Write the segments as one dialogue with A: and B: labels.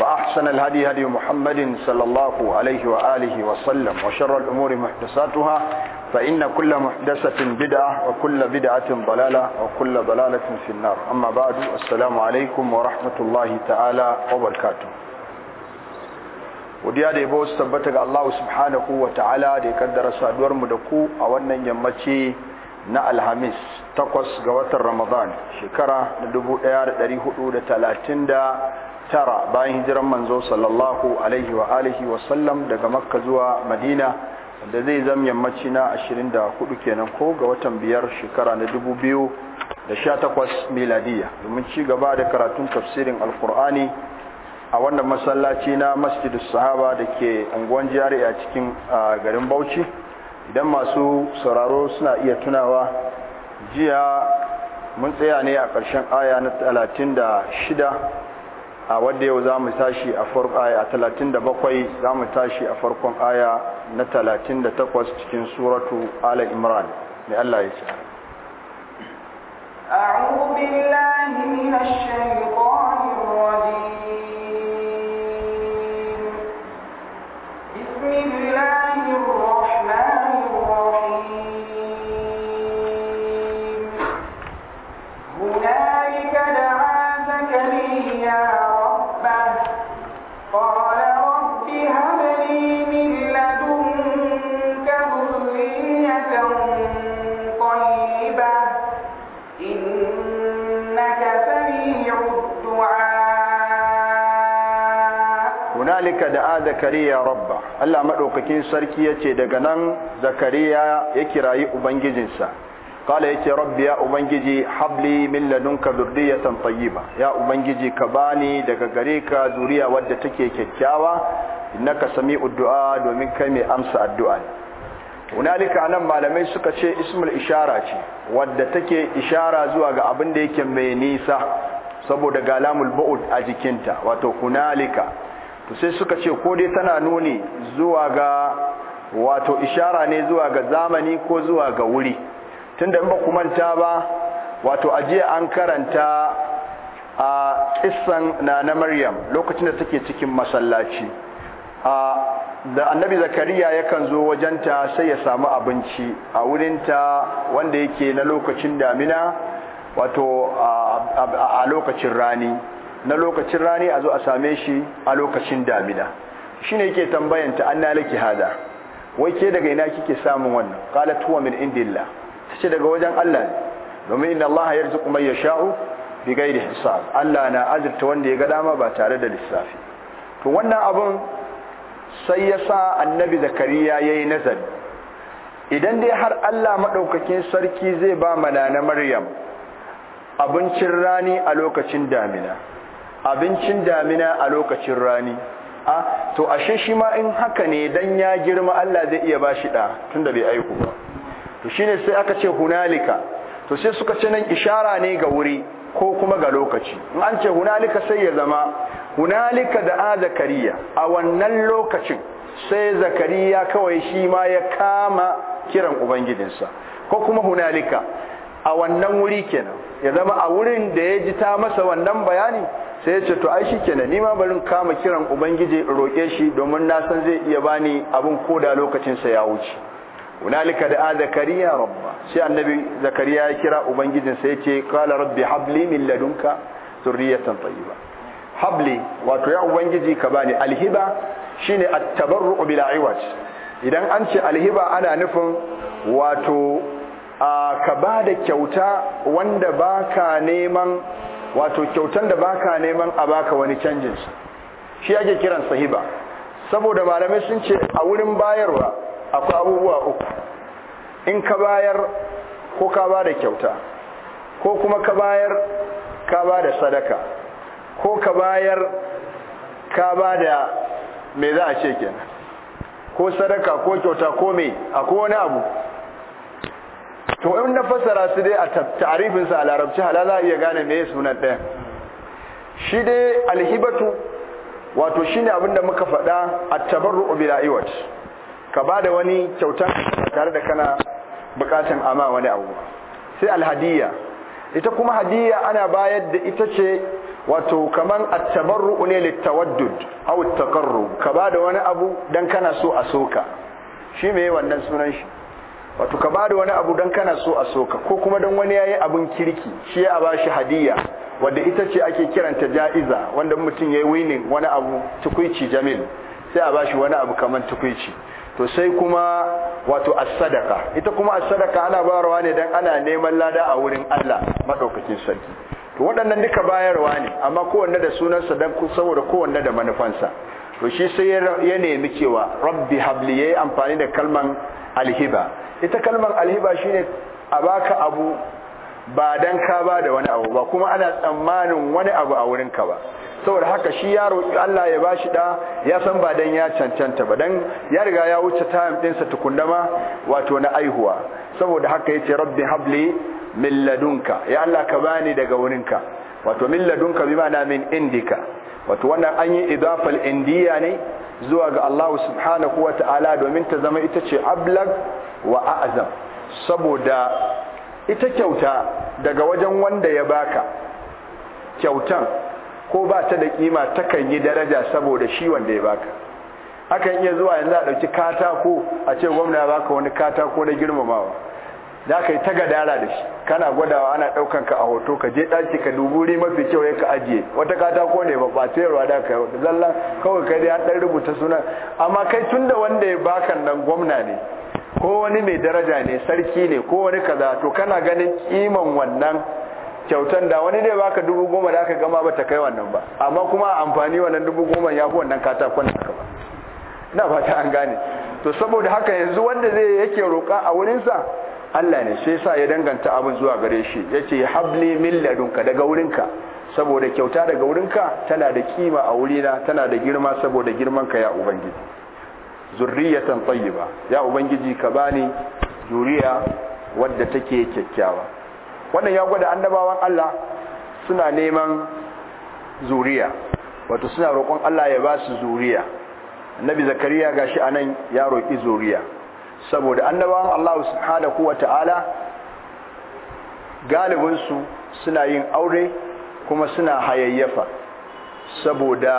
A: وأحسن الهدي هدي محمد صلى الله عليه وآله وسلم وشر الأمور محدثاتها فإن كل محدثة بدعة وكل بدعة ضلالة وكل ضلالة في النار أما بعد السلام عليكم ورحمة الله تعالى وبركاته godiya da yabo su tabbata ga Allah subhanahu wa ta'ala da ya kaddara saduwar mu da ku a wannan yammaci na alhamis takwas ga watan ramadan shekara na 1430 tara bayan hijiran manzo sallallahu alaihi wa alihi wa sallam daga makka zuwa madina da zai zama yammaci na 24 kenan ko ga watan biyar shekara na 2018 miladiya domin ci gaba da karatun tafsirin alkur'ani a wannan masallaci na masjidu sahaba da ke unguwan jari a cikin garin bauchi idan masu sauraro suna iya tunawa jiya mun tsaya ne a ƙarshen aya na 36 a wadda yau za mu tashi a farko aya a talatin da bakwai za mu tashi a farkon aya na talatin da takwas cikin suratu ala imran mai Allah ya ce
B: أعوذ بالله من الشيطان الرجيم بسم الله الرحمن الرحيم
A: zakariya rabba Allah madaukakin sarki yace daga nan zakariya ya kirayi ubangijinsa kala yace rabbi ya ubangiji habli min ladunka dhurriyatan tayyiba ya ubangiji ka bani daga gare ka zuriya wadda take kyakkyawa innaka sami'u du'a domin kai mai amsa addu'a hunalika nan malamai suka ce ismul ishara ce wadda take ishara zuwa ga abin da yake mai nisa saboda galamul bu'ud a jikinta wato hunalika to sai suka ce ko dai tana nuni zuwa ga wato ishara ne zuwa ga zamani ko zuwa ga wuri tunda in ba ku manta ba wato ajiya an karanta a kissan na na Maryam lokacin da take cikin masallaci a da annabi zakariya yakan zo wajenta sai ya samu abinci a wurinta wanda yake na lokacin damina wato a lokacin rani na lokacin rani a zo a same shi a lokacin damina shine yake tambayanta an laki hada wai ke daga ina kike samun wannan kala tuwa min indillah ce daga wajen Allah ne. domin inna Allah ya sha'u, yasha'u da hisab Allah na azurta wanda ya ga dama ba tare da lissafi to wannan abun sai ya sa annabi zakariya yi nazari idan dai har Allah maɗaukakin sarki zai ba mana na Maryam abincin rani a lokacin damina abincin damina a lokacin rani a to ashe shi ma in haka ne dan ya girma Allah zai iya bashi da tunda bai aiko ba to shine sai aka ce hunalika to sai suka ce nan ishara ne ga wuri ko kuma ga lokaci in an ce hunalika sai ya zama hunalika da a zakariya a wannan lokacin sai zakariya kawai shi ma ya kama kiran ubangijinsa ko kuma hunalika a wannan wuri kenan ya zama a wurin da ya ji ta masa wannan bayani sai ce to ai shikenan ni ma barin kama kiran ubangiji roke shi domin na san zai iya bani abin koda lokacin sa ya wuce hunalika da zakariya rabba sai annabi zakariya ya kira ubangijin sai ya ce qala rabbi habli min ladunka zurriyatan tayyiba habli wato ya ubangiji ka bani alhiba shine at-tabarru bila iwaj idan an ce alhiba ana nufin wato ka bada kyauta wanda baka neman wato kyautan da baka neman a baka wani canjin sa shi ake kiran sahiba saboda malamai sun ce a wurin bayarwa akwai abubuwa uku in ka bayar ko ka ba da kyauta ko kuma ka bayar ka ba sadaka ko ka bayar ka ba me za a ce kenan ko sadaka ko kyauta ko me akwai wani abu to in na fassara su dai a ta'arifin a larabci hala za a iya gane me sunan ɗaya shi dai alhibatu wato shine abin da muka faɗa a tabarru bil iwat ka da wani kyauta tare da kana bukatan ama wani abu sai alhadiyya ita kuma hadiyya ana bayar da ita ce wato kaman a tabarru ne littawadud au takarru ka ba da wani abu dan kana so a soka shi me wannan sunan shi wato ka bada wani abu don kana so a soka ko kuma don wani yayi abun kirki shi ya ba shi hadiya wanda ita ce ake kiranta ja'iza wanda mutum yayi winning wani abu tukuici jamil sai a ba shi wani abu kamar tukuici to sai kuma wato as-sadaka ita kuma as-sadaka ana bayarwa ne dan ana neman lada a wurin Allah madaukakin sarki to waɗannan duka bayarwa ne amma kowanne da sunansa dan saboda kowanne da manufansa to shi sai ya nemi cewa rabbi habli yayi amfani da kalman alhiba ita kalmar alhiba shine a baka abu ba dan ka ba da wani abu ba kuma ana tsammanin wani abu a wurin ka ba saboda haka shi ya Allah ya bashi da ya san ba dan ya cancanta ba dan ya riga ya wuce time din sa tukundama wato na aihuwa saboda haka yace rabbi habli min ladunka ya Allah ka bani daga wurinka wato min ladunka bi ma'ana min indika wato wannan an yi idafal indiya ne zuwa ga Allah subhanahu wa ta'ala domin ta zama ita ce ablag wa a'azam saboda ita kyauta daga wajen wanda ya baka kyautan ko ba ta da kima takan yi daraja saboda shi wanda ya baka akan iya zuwa yanzu a ɗauki katako a ce gwamna ya baka wani katako na girmamawa za ka yi ta gadara da shi kana gwadawa ana ɗaukan ka a hoto ka je daki ka duburi mafi kyau ya ka ajiye wata katako ne ba ba yarwa da ka zalla kawai kai dai dan rubuta suna amma kai tun da wanda ya baka nan gwamna ne ko wani mai daraja ne sarki ne ko wani kaza to kana ganin kiman wannan kyautan da wani dai baka dubu goma da aka gama ba ta kai wannan ba amma kuma amfani wannan dubu goma ya fi wannan katakon da aka ba ina fata an gane to saboda haka yanzu wanda zai yake roƙa a wurinsa Allah ne sai sa ya danganta abin zuwa gare shi yace habli min ladunka daga wurinka saboda kyauta daga wurinka tana da kima a wurina tana da girma saboda girmanka ya ubangiji zurriyatan tayyiba ya ubangiji ka bani zuriya wadda take kyakkyawa wannan ya gwada annabawan Allah suna neman zuriya wato suna roƙon Allah ya ba su zuriya annabi zakariya gashi anan ya roƙi zuriya saboda annabawan Allah subhanahu wa ta'ala galibinsu suna yin aure kuma suna hayayyafa saboda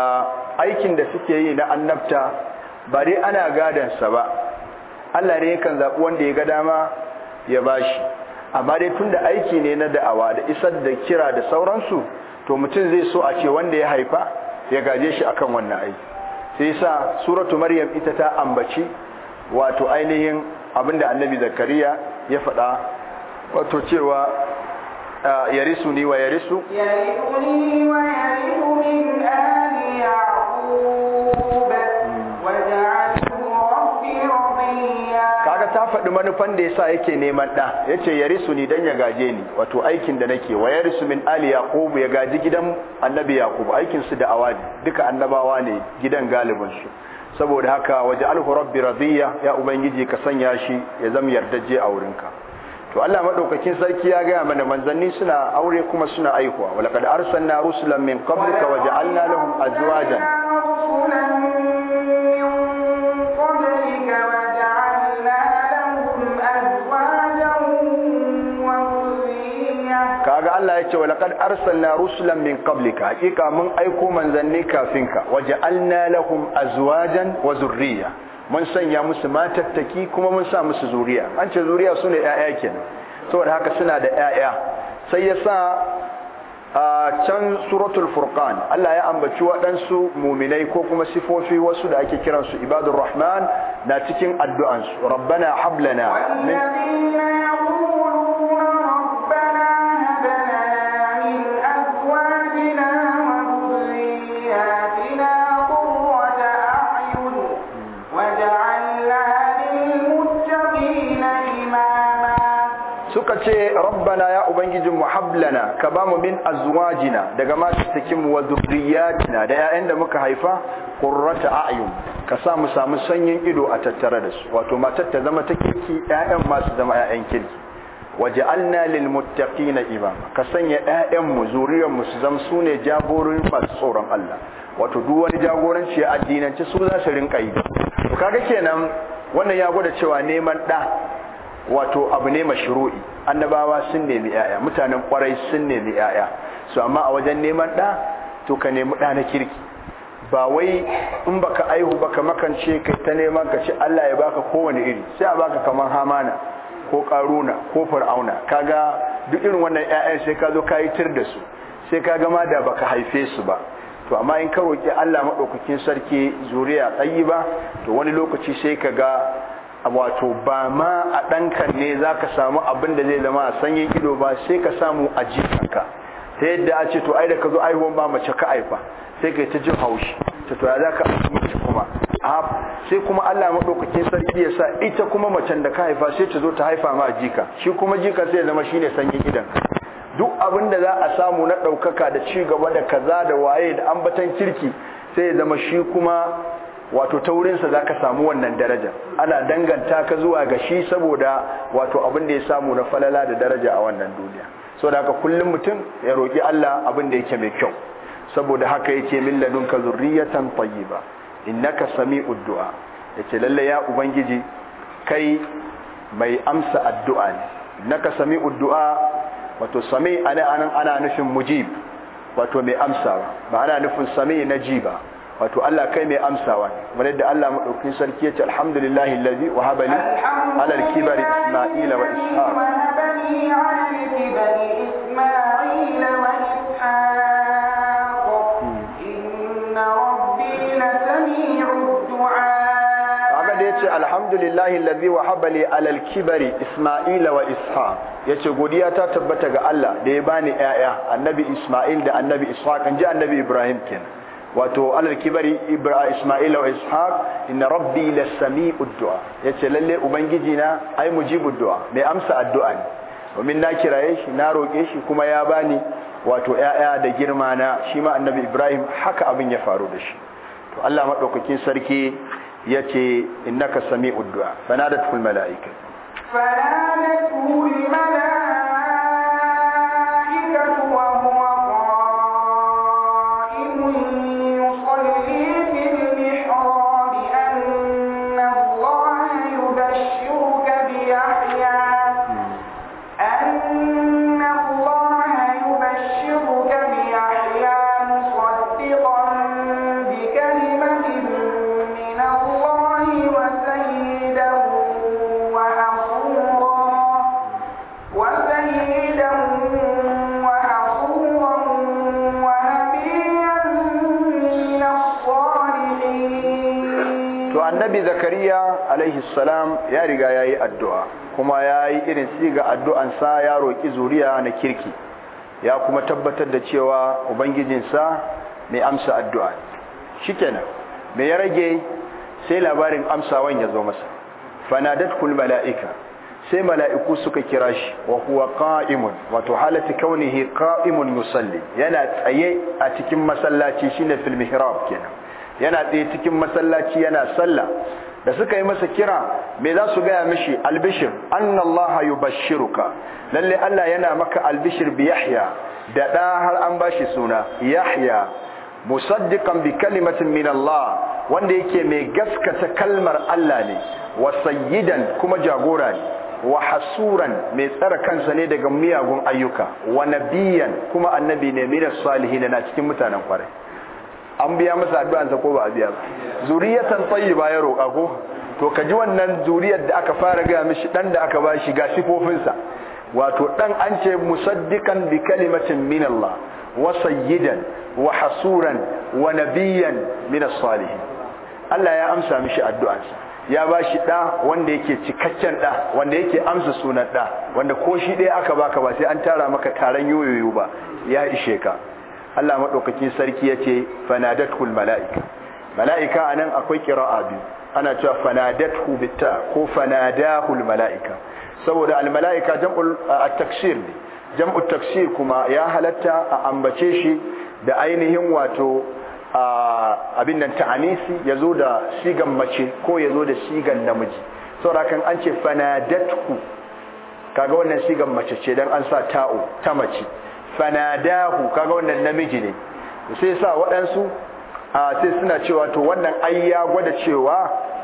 A: aikin da suke yi na annabta ba dai ana gadansa ba Allah ne yakan zaɓi wanda ya ga dama ya bashi amma dai tunda aiki ne na da'awa da isar da kira da sauransu to mutum zai so a ce wanda ya haifa ya gaje shi akan wannan aiki sai sa suratu maryam ita ta ambaci wato ainihin abinda annabi zakariya ya faɗa wato cewa ah, yarisu ni wa yarisu
B: hmm.
A: kaga ta faɗi manufan da yasa yake neman ɗa yace yarisu ni dan ya gaje ni wato aikin da nake wa risu min ali yaqub ya gaji gidan annabi Yakubu, aikinsu da awadi duka annabawa ne gidan galibinsu. saboda haka waje alhu rabbi radiyya ya ubangiji ka sanya shi ya zama yardaje a wurinka to Allah madaukakin sarki ya gaya mana manzanni suna aure kuma suna aikuwa walaqad arsalna rusulan min qablika waja'alna lahum azwajan
B: rusulan min
A: kaga Allah ya ce wa laqad arsalna rusulan min qablika hakika mun aiko manzanni kafin ka waja'alna lahum azwajan wa zurriya mun sanya musu matattaki kuma mun sa musu zuriya an ce zuriya sune ƴaƴa kenan saboda haka suna da ƴaƴa sai ya sa a can suratul furqan Allah ya ambaci waɗansu muminai ko kuma sifofi wasu da ake kiransu ibadur rahman na cikin addu'ansu rabbana hablana ce rabbana ya ubangijin mu hablana ka ba mu min azwajina daga matattakin mu wa zurriyatina da ƴaƴan da muka haifa qurrata a'yun ka sa mu samu sanyin ido a tattare da su wato matar ta zama ta kirki ƴaƴan ma su zama ƴaƴan kirki waj'alna lil muttaqina imama ka sanya ƴaƴan mu zuriyar mu su zama sune jagororin masu tsoron Allah wato duk wani jagoranci a addinanci su za su rinka yi to kaga kenan wannan ya gwada cewa neman da wato abu ne mashru'i annabawa sun nemi yaya mutanen kwarai sun nemi yaya su amma a wajen neman da to ka nemi da na kirki ba wai in baka aihu baka makance kai ta neman ka ci Allah ya baka kowane iri sai a baka kamar hamana ko karuna ko fir'auna kaga duk irin wannan yayan sai ka zo ka yi tir da su sai ka gama da baka haife su ba to amma in ka roki Allah madaukakin sarki zuriya tayyiba to wani lokaci sai ka ga wato ba ma a ɗankan ne za ka samu abin da zai zama a sanyin ido ba sai ka samu a jikinka ta yadda a ce to ai da ka zo aihuwan ba mace ka aifa sai ka ta jin haushi ta to ya za ka mace kuma sai kuma Allah maɗaukakin sarki ya sa ita kuma macen da ka haifa sai ta zo ta haifa ma a jika shi kuma jika sai ya zama shine sanyin idan duk abin da za a samu na ɗaukaka da ci gaba da kaza da waye da ambatan kirki sai ya zama shi kuma wato ta wurinsa za ka samu wannan daraja ana danganta ka zuwa ga shi saboda wato abin da ya samu na falala da daraja a wannan duniya so da haka kullum mutum ya roƙi Allah abin da yake mai kyau saboda haka yake min ladun ka zurriyatan tayyiba innaka sami'ud du'a yace lalle ya ubangiji kai mai amsa addu'a ne innaka sami'ud du'a wato sami ana anan ana nufin mujib wato mai amsa ba ana nufin sami na ba. wato Allah kai mai amsawa kamar yadda Allah madaukakin sarki yace alhamdulillahi allazi wahaba li ala al-kibar isma'ila wa ishaq alhamdulillahi allazi wahaba li alal kibari isma'ila wa ishaq yace godiya ta tabbata ga Allah da ya bani 'ya'ya annabi isma'il da annabi ishaq an ji annabi ibrahim kenan wato alal kibari ibra isma'ila wa ishaq inna rabbi lasami'ud du'a yace lalle ubangiji na ai mujibu du'a mai amsa addu'a ne domin na kiraye shi na roke shi kuma ya bani wato yaya da girma na shi ma annabi ibrahim haka abin ya faru da shi to Allah madaukakin sarki yace innaka sami'ud du'a fanadatul mala'ika
B: fanadatul mala'ika
A: annabi zakariya alaihi salam ya riga ya yi addu'a kuma ya yi irin siga addu'ansa ya roƙi zuriya na kirki ya kuma tabbatar da cewa ubangijinsa mai amsa addu'a shi shikenan mai ya rage sai labarin amsawan ya zo masa fanadatkul mala'ika sai mala'iku suka kira shi wa huwa qa'imun wato halatta kaunihi qa'imun musalli yana tsaye a cikin masallaci shi shine filmi hirab kenan yana tsaye cikin masallaci yana sallah da suka yi masa kira me za su gaya mishi albishir annallaha ka lalle Allah yana maka albishir bi Yahya da da har an ba shi suna Yahya musaddiqan bi kalimatin min Allah wanda yake mai gaskata kalmar Allah ne wa sayyidan kuma jagora ne wa hasuran mai tsara kansa ne daga miyagun ayyuka wa nabiyan kuma annabi ne min salihin na cikin mutanen kwarai an biya masa addu'ansa ko ba a biya ba zuriyatan tayyiba ya roƙa ko to ka ji wannan zuriyar da aka fara gaya mishi dan da aka ba shi ga sa wato dan an ce musaddiqan bi kalimatin min Allah wa sayyidan wa hasuran wa nabiyyan min as-salihin Allah ya amsa mishi addu'ansa ya ba shi ɗa wanda yake cikakken ɗa wanda yake amsa sunan ɗa wanda ko shi ɗaya aka baka ba sai an tara maka taron yoyoyo ba ya ishe ka Allah madaukakin sarki yace fanadatul malaika malaika anan akwai kira'a biyu ana cewa fanadathu bitta ko fanadahul malaika saboda al malaika jam'ul at ne jam'u takshir kuma ya halatta a ambace shi da ainihin wato abin nan ta'anisi zo da shigan mace ko yazo da shigan namiji saboda kan an ce fanadathu kaga wannan shigan mace ce dan an sa ta'u ta mace fanadahu kaga wannan namiji ne sai sa waɗansu sai suna cewa to wannan ai ya gwada cewa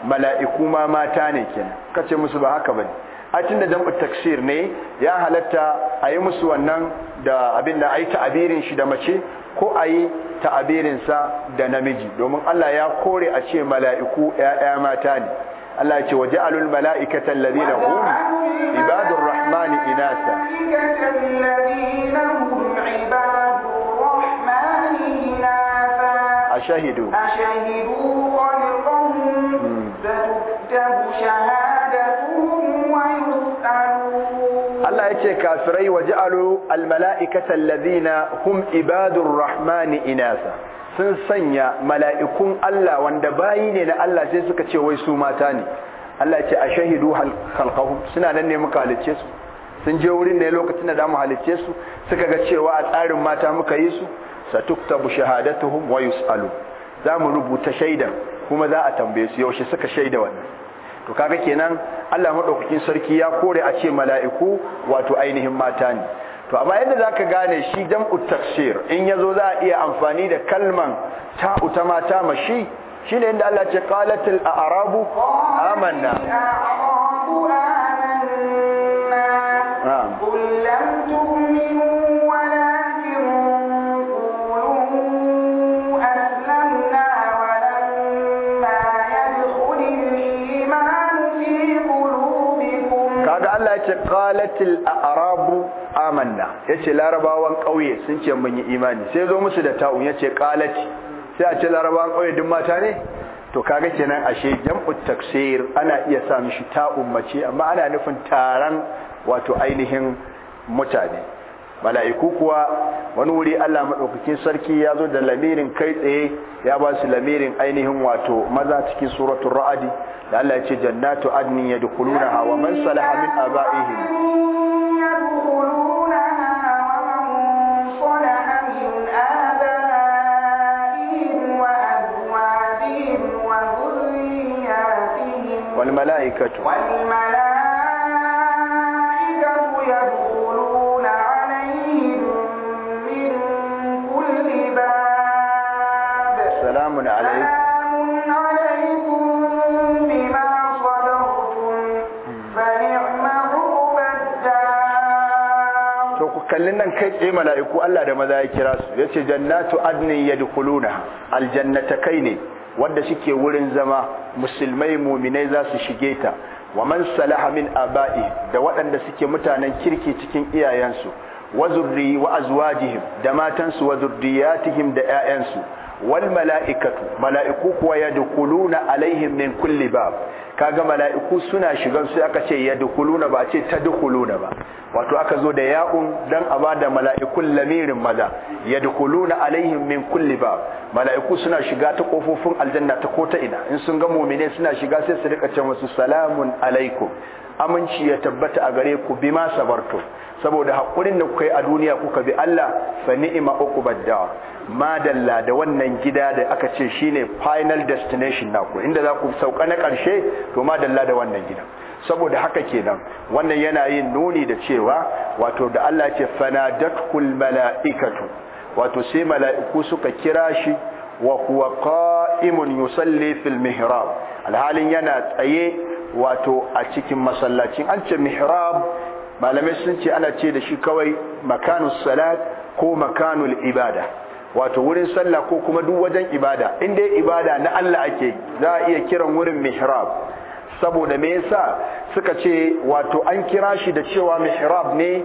A: mala'iku ma mata ne kenan kace musu ba haka bane a tunda jam'u taksir ne ya halatta a yi musu wannan da abin da a yi ta'abirin shi da mace ko a yi ta'abirin sa da namiji domin Allah ya kore a ce mala'iku ƴaƴa mata ne Allah ya ce waja'alul mala'ikata allazina hum ibadur rahmani inasa
B: عباد الرحمن إناثا أشهدوا أشهدوا خلقهم ستكتب شهادتهم ويسألون الله يتشي
A: كافري وجعلوا الملائكة الذين هم عباد الرحمن إناثا sun sanya mala'ikun Allah wanda bayi ne na Allah sai suka ce wai su mata ne Allah ce a shahidu halkahum suna nan ne muka halicce su sun je wurin ne lokacin da za mu halicce su suka ga cewa a tsarin mata muka yi su satuktabu shahadatuhum wa yusalu za mu rubuta shaida kuma za a tambaye su yaushe suka shaida wannan to kaga kenan Allah madaukakin sarki ya kore a ce mala'iku wato ainihin mata ne to amma yadda zaka gane shi jam'u tafsir in yazo za a iya amfani da kalman ta ta mata mashi shine inda Allah ce qalatil a'rabu amanna qalatil a'rabu amanna yace larabawan kauye sun ce mun yi imani sai zo musu da ta'un yace qalati sai a ce larabawan kauye duk mata ne to kaga kenan ashe jam'u taksir ana iya sa mishi ta'un mace amma ana nufin taran wato ainihin mutane mala'iku kuwa wani wuri Allah maɗaukakin sarki ya zo da lamirin kai tsaye ya ba su lamirin ainihin wato maza cikin suratul ra'adi da Allah ya ce jannatu adnin yadkhulunaha wa man salaha min abaihim والملائكة والملائكة sallin nan kai tsaye mala'iku Allah da maza ya kira su yace jannatu adnin yadkhuluna aljannata kai ne wanda suke wurin zama musulmai muminai za su shige ta wa man salaha min aba'i da waɗanda suke mutanen kirki cikin iyayensu wa zurri wa azwajihim da matansu wa zurriyatihim da ƴaƴansu wal mala'ikatu mala'iku kuwa yadkhuluna alaihim min kulli bab kaga mala'iku suna shigan sai aka ce dukuluna ba a ce dukuluna ba wato aka zo da ya'un dan a bada mala'ikun lamirin maza dukuluna alaihim min kulli ba, mala'iku suna shiga ta kofofin aljanna ta ko ta ina in sun ga mu'mine suna shiga sai su rika ce musu salamun alaikum aminci ya tabbata a gare ku bima sabarto saboda haƙurin da kuka yi a duniya kuka bi Allah fa ni'ima uqbad da madalla da wannan gida da aka ce shine final destination naku inda za ku sauka na karshe to ma dalla da wannan gidan saboda haka kenan wannan yana yin nuni da cewa wato da Allah ce fanadatkul mala'ikatu wato sai mala'iku suka kira shi wa huwa qa'imun yusalli fil mihrab alhalin yana tsaye wato a cikin masallacin an ce mihrab malamai sun ce ana ce da shi kawai makanus salat ko makanul ibada wato wurin sallah ko kuma duk wajen ibada in dai ibada na Allah ake za a iya kiran wurin mihrab saboda me yasa suka ce wato an kira shi da cewa mihrab ne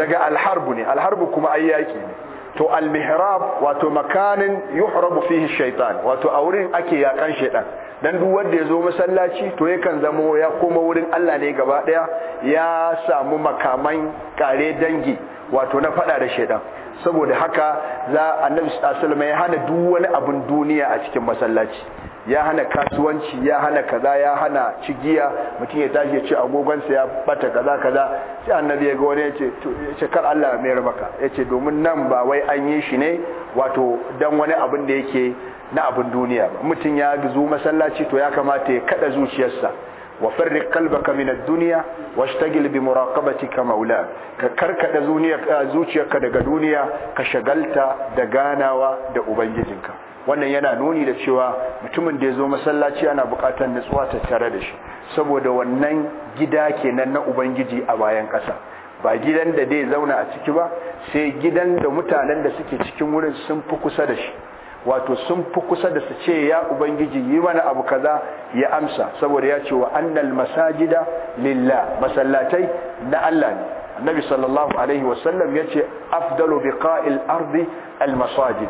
A: daga alharbu ne alharbu kuma ayyaki yaki ne to almihrab wato makanin yuhrabu fihi shaitan wato a wurin ake yakan shaitan dan duk wanda ya zo masallaci to yakan zamo ya koma wurin Allah ne gaba daya ya samu makaman kare dangi wato na fada da shaitan saboda haka za annabi sallallahu alaihi wasallam ya hana duk wani abun duniya a cikin masallaci ya hana kasuwanci ya hana kaza ya hana cigiya mutum ya tashi ya ce agogonsa ya bata kaza kaza sai annabi ya ga wani ya ce ce kar Allah ya mayar maka ya ce domin nan ba wai an yi shi ne wato dan wani abin da yake na abin duniya ba mutum ya gizo masallaci to ya kamata ya kada zuciyarsa wa farriq qalbaka min ad-dunya washtagil bi muraqabatika maula ka karkada eh, zuciyarka daga duniya ka shagalta da ganawa da ubangijinka wannan yana nuni da cewa mutumin da ya zo masallaci ana buƙatar nutsuwa ta tare da shi saboda wannan gida kenan na ubangiji a bayan ƙasa ba gidan da dai zauna a ciki ba sai gidan da mutanen da suke cikin wurin sun fi kusa da shi wato sun fi kusa da su ce ya ubangiji yi mana abu kaza ya amsa saboda ya ce wa annal masajida lillah masallatai na Allah ne annabi sallallahu alaihi wasallam ya ce afdalu biqa'il ardi almasajid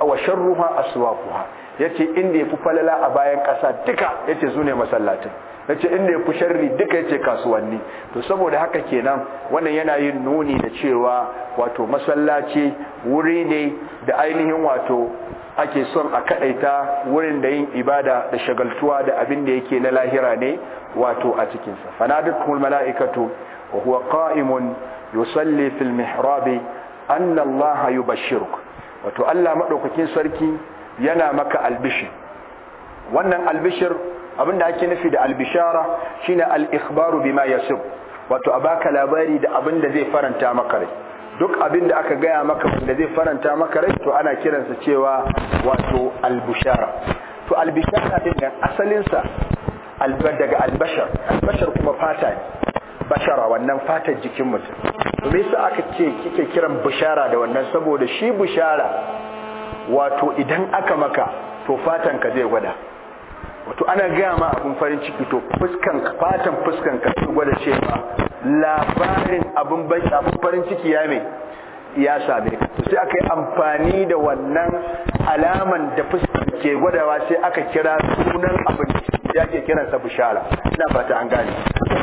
A: wa sharruha aswaquha yace inda yafi falala a bayan ƙasa duka yace zune masallatin yace inda yafi sharri duka yace kasuwanni to saboda haka kenan wannan yana yin nuni da cewa wato masallaci wuri ne da ainihin wato ake son a kadaita wurin da yin ibada da shagaltuwa da abin da yake na lahira ne wato a cikinsa fanadul mala'ikatu وهو قائم يصلي في المحراب أن الله يبشرك وتؤلى مدوكين سركي ينا مك البشر wannan albishir abinda ake nufi da albishara shine al ikbaru wato a baka labari da abin da zai faranta maka rai duk abin da aka gaya maka da zai faranta maka rai to ana kiransa cewa wato albushara to albishara din nan asalinsa daga albashar albashar kuma fata ne bashara wannan fatar jikin mutum to su aka ce kike kiran bishara da wannan saboda shi bishara wato idan aka maka to fatan ka zai gwada wato ana gaya ma abin farin ciki to fuskan fatan fuskan ka zai gwada cewa labarin abin farin ciki ya mai ya same ka to sai aka yi amfani da wannan alaman da fuskar ke gwadawa sai aka kira sunan abin ya ke kiransa bishara ina fata an gane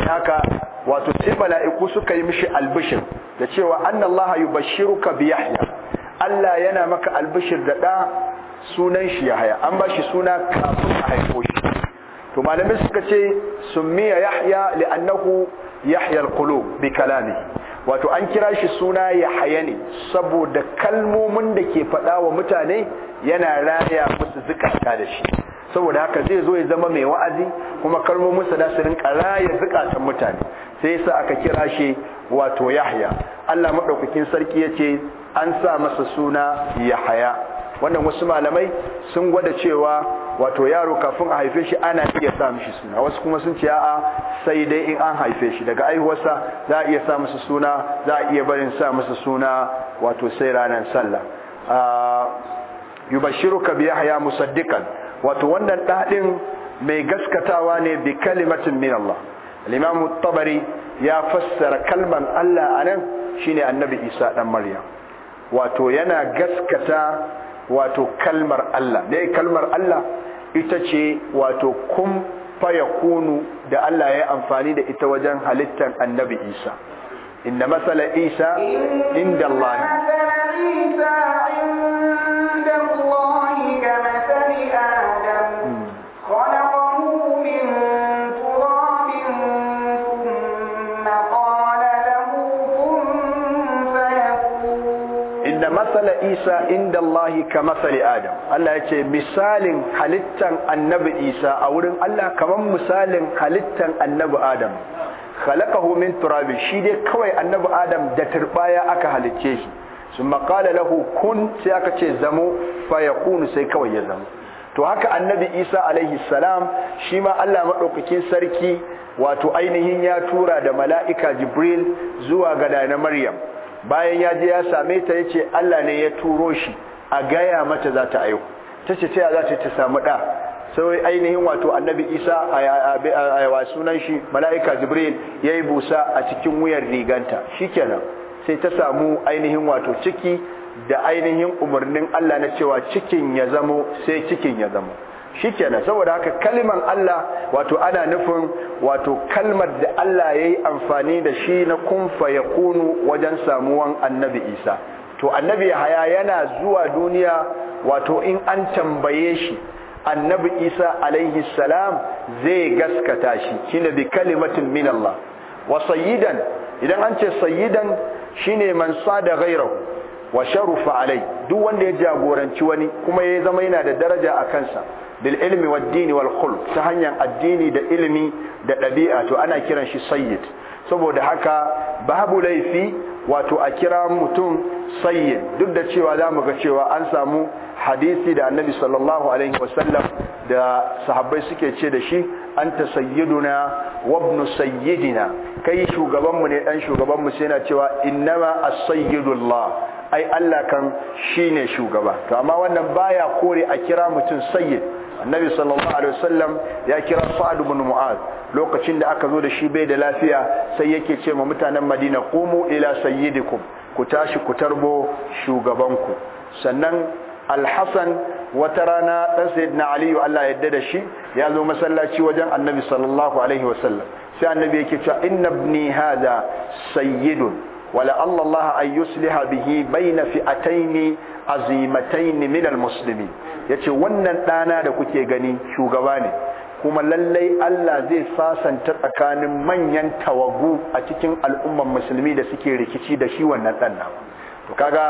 A: haka wato sai mala'iku suka yi mishi albishir da cewa annallaha yubashshiruka bi yahya Allah yana maka albishir da da sunan shi Yahaya an ba shi suna kafin a haifo shi to malamai suka ce summiya Yahya li'annahu Yahya alqulub bi kalami wato an kira shi suna yahaya ne saboda kalmomin da ke faɗa wa mutane yana raya musu zukata da shi saboda haka zai zo ya zama mai wa'azi kuma kalmomin sa da su rinka raya zukatan mutane sai yasa aka kira shi wato yahya Allah maɗaukakin sarki ya ce an sa masa suna yahaya wannan wasu malamai sun gwada cewa wato yaro kafin a haife shi ana iya sa mishi suna wasu kuma sun ce a'a sai dai in an haife shi daga aihuwarsa za a iya sa masa suna za a iya barin sa masa suna wato sai ranar sallah ka biya haya musaddikan wato wannan ɗaɗin mai gaskatawa ne bi kalimatin min Allah al-imam tabari ya fassara kalman Allah anan shine annabi Isa dan Maryam wato yana gaskata wato kalmar Allah ne kalmar Allah ita ce wato kun faya kunu da Allah ya amfani da ita wajen halittar annabi Isa inna matsala Isa inda Allah masala isa inda allahi ka adam Allah ya ce misalin halittan annabi isa a wurin Allah kamar misalin halittan annabi adam khalaqahu min turabi shi dai kawai annabi adam da turbaya aka halicce shi sun maƙala lahu kun sai aka ce zamo fa ya kunu sai kawai ya zamo to haka annabi isa alaihi salam shi ma Allah maɗaukakin sarki wato ainihin ya tura da mala'ika jibril zuwa ga na maryam bayan ya je ya same ta yace Allah ne ya turo shi a gaya mata za ta aiko tace ta za ta samu da sai ainihin wato annabi Isa a sunan shi mala'ika Jibril yayi busa a cikin wuyar riganta shikenan sai ta samu ainihin wato ciki da ainihin umarnin Allah na cewa cikin ya zamo sai cikin ya zamo shikenan saboda haka kaliman Allah wato ana nufin wato kalmar da Allah ya yi amfani da shi na kumfa ya kunu wajen samuwan annabi Isa to annabi haya yana zuwa duniya wato in an tambaye shi annabi Isa alaihi salam zai gaskata shi shine bi kalimatin min Allah wa sayyidan idan an ce sayyidan shine man sada ghairahu wa sharufa alai duk wanda ya jagoranci wani kuma ya zama yana da daraja a kansa bil ilmi wad dini wal khulq ta hanyar addini da ilimi da ɗabi'a to ana kiran shi sayyid saboda haka babu laifi wato a kira mutum sayyid duk da cewa za mu ga cewa an samu hadisi da annabi sallallahu alaihi wasallam da sahabbai suke ce da shi anta sayyiduna wa ibn sayyidina kai shugabanmu ne dan shugabanmu sai yana cewa innama as-sayyidullah ai Allah kan shine shugaba to amma wannan baya kore a kira mutum sayyid annabi sallallahu alaihi wasallam ya kira sa'ad ibn mu'az lokacin da aka zo da shi bai da lafiya sai yake ce ma mutanen madina qumu ila sayyidikum ku tashi ku tarbo shugabanku sannan alhassan wata rana dan sayyidina ali Allah yarda da shi ya zo masallaci wajen annabi sallallahu alaihi wasallam sai annabi yake cewa inna ibni hada sayyidun wala Allah Allah bihi yusliha bihi bayna fi'ataini azimatayn min almuslimin yace wannan dana da kuke gani shugaba ne kuma lallai Allah zai sasanta tsakanin manyan tawagu a cikin al'ummar musulmi da suke rikici da shi wannan dan nan to kaga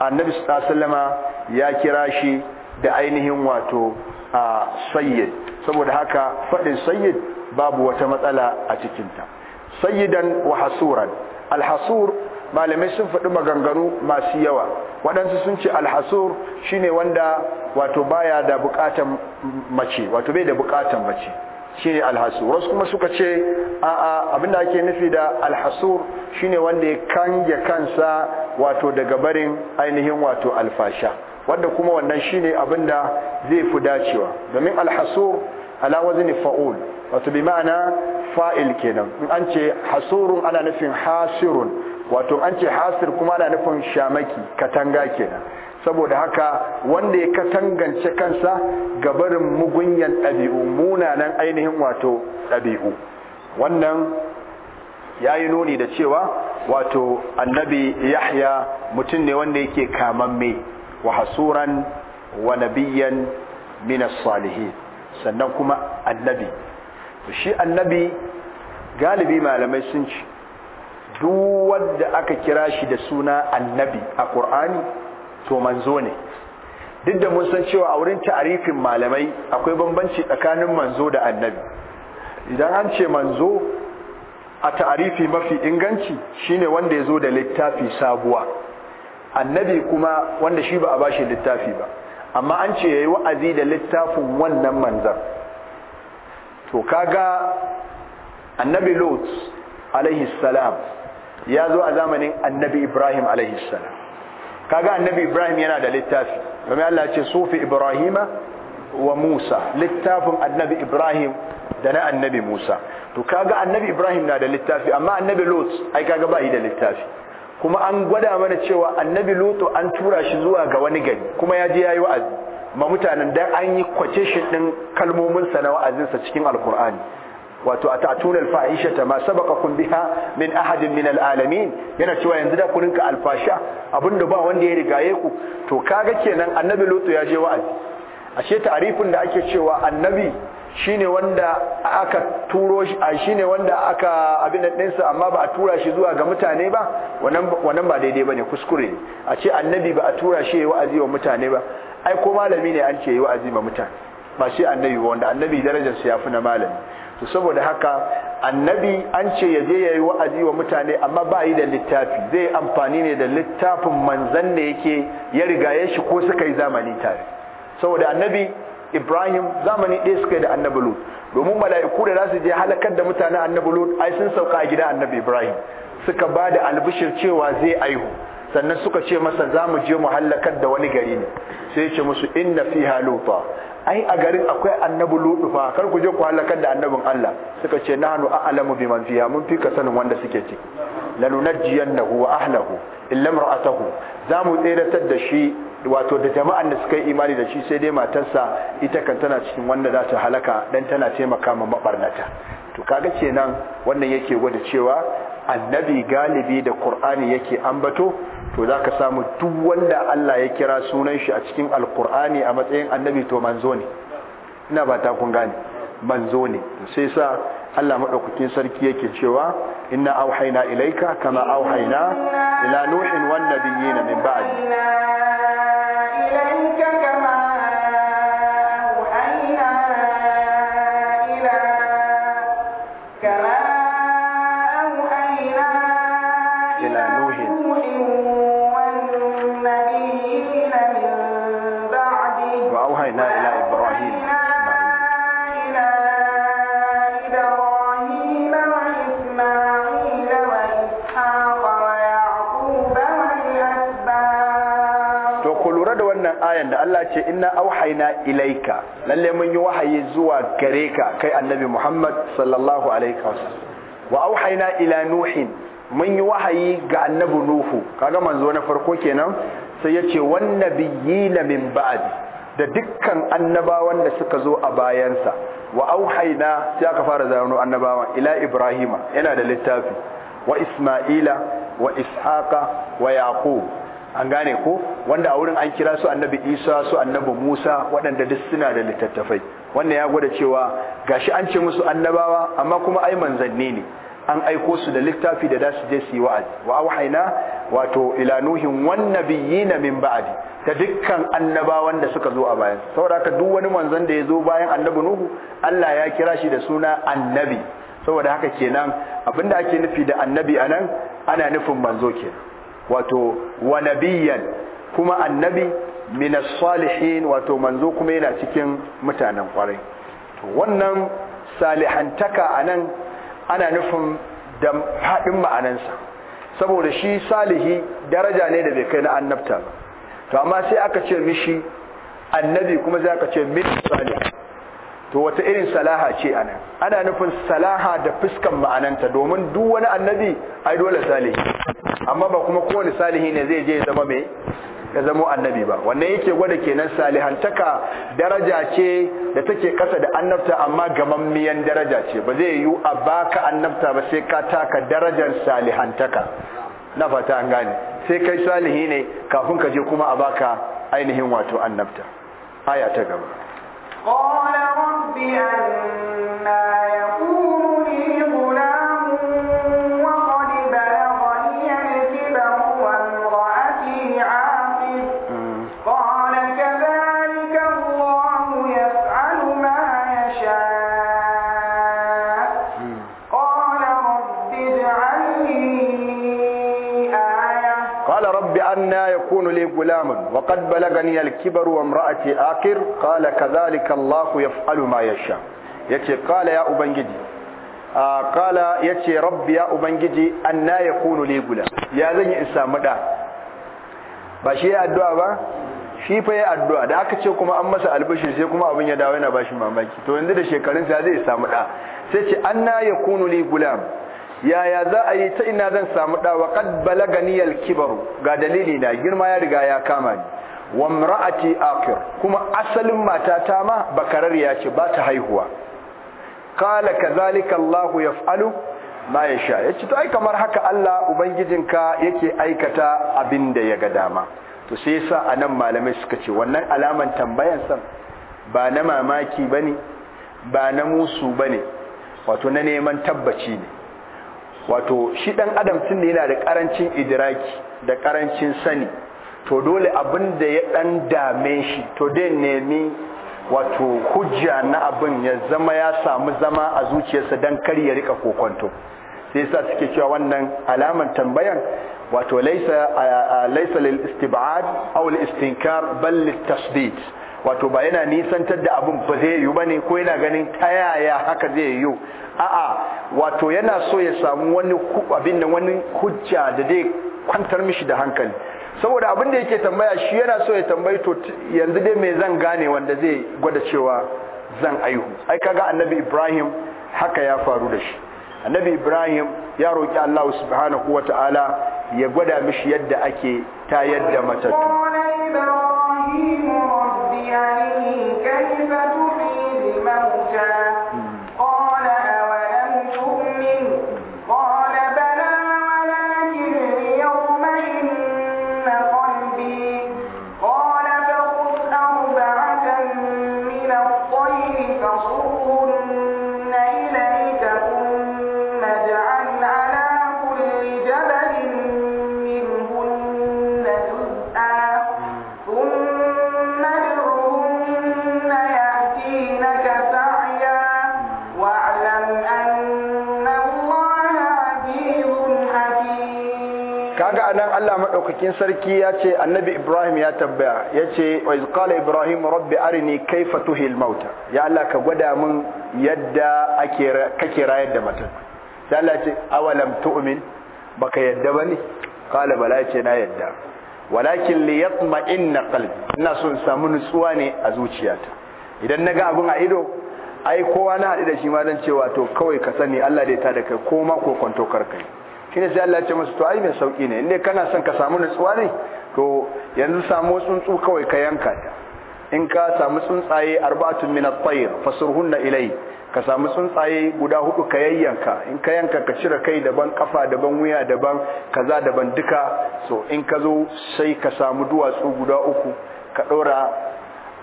A: annabi sallallahu ya kira shi da ainihin wato a sayyid saboda haka fadin sayyid babu wata matsala a cikinta sayyidan wa hasuran alhasur malamai sun faɗi maganganu masu yawa waɗansu sun ce alhasur shine wanda wato baya da buƙatan mace wato bai da buƙatan mace shine alhasur wasu kuma suka ce a'a abinda ake nufi da alhasur shine wanda ya kange kansa wato daga barin ainihin wato alfasha wanda kuma wannan shine da zai fi dacewa domin alhasur ala wazni fa'ul wato bi ma'ana fa'il kenan in an ce hasurun ana nufin hasirun wato an ce hasir kuma na nufin shamaki katanga kenan saboda haka wanda ya katangance kansa gabarin mugunyan ɗabi'u munanan ainihin wato ɗabi'u wannan ya yi nuni da cewa wato annabi yahya mutum ne wanda yake kamamme wa hasuran wa nabiyan minas salihin sannan kuma annabi shi annabi galibi malamai sun ce duk wanda aka kira shi da suna annabi a ƙur'ani to manzo ne duk da mun san cewa a wurin ta'arifin malamai akwai bambanci tsakanin manzo da annabi idan an ce manzo a ta'arifi mafi inganci shine wanda ya zo da littafi sabuwa annabi kuma wanda shi ba a bashi littafi ba amma an ce yayi wa'azi da littafin wannan manzan to kaga annabi lot alaihi salam ya zo a zamanin annabi ibrahim alaihi salam kaga annabi ibrahim yana da littafi kuma Allah ce sufi ibrahima wa musa littafin annabi ibrahim da na annabi musa to kaga annabi ibrahim na da littafi amma annabi lot ai kaga ba yi da littafi kuma an gwada mana cewa annabi lot an tura shi zuwa ga wani gari kuma ya je yayi wa'azi ma mutanen dan an yi quotation din kalmomin sa na wa'azinsa cikin alkur'ani wato a ta'tuna al ta ma sabaqakum biha min ahadin min al-alamin yana cewa yanzu da ku rinka alfasha abinda ba wanda ya rigaye ku to kaga kenan annabi lutu ya je wa'azi ashe ta'arifin da ake cewa annabi shine wanda aka turo shi shine wanda aka abin sa amma ba a tura shi zuwa ga mutane ba wannan ba daidai bane kuskure a ce annabi ba a tura shi yayi wa'azi wa mutane ba ai ko malami ne an ce yayi wa'azi ma mutane ba shi annabi ba wanda annabi darajar sa yafi na malami to saboda haka annabi an ce ya je ya yi wa'azi wa mutane amma ba yi da littafi zai amfani ne da littafin manzan da yake ya riga ya shi ko suka yi zamani tare saboda annabi Ibrahim zamani ɗaya suka yi da annabi Lut domin mala'iku da za su je halakar da mutane annabi Lut ai sun sauka a gida annabi Ibrahim suka ba da albishir cewa zai aihu sannan suka ce masa za mu je mu hallakar da wani gari ne sai ya ce musu inna fiha lupa ai a garin akwai annabi ludufa kar ku je ku halakar da annabin Allah suka ce nahnu a'lamu biman fiha mun fi ka sanin wanda suke ci lanunajjiyannahu wa ahlahu illa imra'atahu zamu tseratar da shi wato da jama'an da suka yi imani da shi sai dai matarsa ita kan tana cikin wanda za ta halaka dan tana taimaka ma mabarnata to kaga kenan wannan yake gwada cewa annabi galibi da qur'ani yake ambato to zaka samu duk wanda Allah ya kira sunan shi a cikin alqur'ani a matsayin annabi to manzo ne ina ba ta kun gane manzo ne sai sa Allah madaukakin sarki yake cewa inna auhayna ilayka kama auhayna ila nuhin wan nabiyina min ba'd كما ce inna auhaina ilaika lalle mun yi wahayi zuwa gare ka kai annabi Muhammad sallallahu alaihi wasallam wa auhayna ila nuhin mun yi wahayi ga annabi Nuhu kaga manzo na farko kenan sai yace wan nabiyina min ba'd da dukkan annabawan da suka zo a bayansa wa auhaina sai aka fara zano annabawan ila ibrahima yana da littafi wa isma'ila wa ishaqa wa yaqub an gane ko wanda a wurin an kira su annabi isa su annabi musa waɗanda duk suna da littattafai wannan ya gwada cewa gashi an ce musu annabawa amma kuma ai manzanni ne an aiko su da littafi da dasu je su yi wa'azi wa auhayna wato ila nuhin wan nabiyina min ba'di ta dukkan annabawan da suka zo a bayan saboda haka duk wani manzon da ya zo bayan annabi nuhu Allah ya kira shi da suna annabi saboda haka kenan abinda ake nufi da annabi anan ana nufin manzo kenan wato wa nabiyan kuma annabi min salihin wato manzo kuma yana cikin mutanen kwarai to wannan salihantaka anan ana nufin da haɗin ma'anansa saboda shi salihi daraja ne da bai kai na annabta ba to amma sai aka ce mishi annabi kuma sai aka ce min salihin to wata irin salaha ce anan ana nufin salaha da fuskan ma'ananta domin duk wani annabi ai dole salihi amma ba kuma kowane salihi ne zai je zama mai ya zama annabi ba wannan yake gwada kenan salihantaka daraja ce da take kasa da annabta amma gamammiyan daraja ce ba zai yiwu a baka annabta ba sai ka taka darajar salihantaka na fata an gane sai kai salihi ne kafin ka je kuma a baka ainihin wato annabta aya ta gaba
B: بأننا
A: وقد بلغني الكبر وامرأتي آكر قال كذلك الله يفعل ما يشاء يتي قال يا أبنجدي قال يتي رب يا أبنجدي أنا يكون لي غلام يا ذني إنسان مدى باشي الدعاء با shi fa ya addu'a da aka ce kuma an masa albishir sai kuma abin ya dawo yana bashi mamaki to yanzu da shekarun sa zai samu da sai ce anna yakunu li gulam yaya za a yi ta ina zan samu da wa kad balagani al-kibaru ga dalili na girma ya riga ya kama ni wa mraati akir kuma asalin matata ma bakarariya ce ba ta haihuwa qala kadhalika Allah yaf'alu ma yasha yace to ai kamar haka Allah ubangijinka yake aikata abin da ya ga dama to sai yasa anan malamai suka ce wannan alaman tambayan san ba na mamaki bane ba na musu bane wato na neman tabbaci ne wato shi dan adam tun da yana da karancin idraki da karancin sani to dole abin da ya dan dame shi to dai nemi wato hujja na abin ya zama ya samu zama a zuciyarsa dan kar ya rika kokonto sai yasa suke cewa wannan alaman tambayan wato laisa laisa lil istib'ad aw lil istinkar bal lit tasdid wato ba yana nisantar da abin ba zai yiwu bane ko yana ganin ta yaya haka zai yiwu a'a wato yana so ya samu wani abin da wani hujja da zai kwantar mishi da hankali saboda abin da yake tambaya shi yana so ya tambayi to yanzu dai me zan gane wanda zai gwada cewa zan aihu ai kaga annabi Ibrahim haka ya faru da shi annabi Ibrahim ya roki Allah subhanahu wataala ya gwada mishi yadda ake tayar da matattu
B: بشيء يعني كيف تحيي الموتى
A: madaukakin sarki ya ce annabi ibrahim ya tabbaya ya ce wa ibrahim rabbi arini kaifa tuhil mauta ya Allah ka gwada min yadda kake rayar da mutum sai Allah ya ce awalam tu'min baka yadda ne kala bala ce na yadda walakin li yatma'inna qalbi ina so in samu nutsuwa ne a zuciyata idan na ga abin a ido ai kowa na haɗu da shi ma dan cewa to kawai ka sani Allah da ta da kai ko ma ko kwanto karkai shine sai Allah ya ce musu to ai mai sauki ne inda kana son ka samu nutsuwa ne to yanzu samu tsuntsu kawai ka yanka ta in ka samu tsuntsaye arba'atun min at-tayr fasurhunna ilai ka samu tsuntsaye guda hudu ka yayyanka in ka yanka ka cire kai daban kafa daban wuya daban kaza daban duka so in ka zo sai ka samu duwatsu guda uku ka dora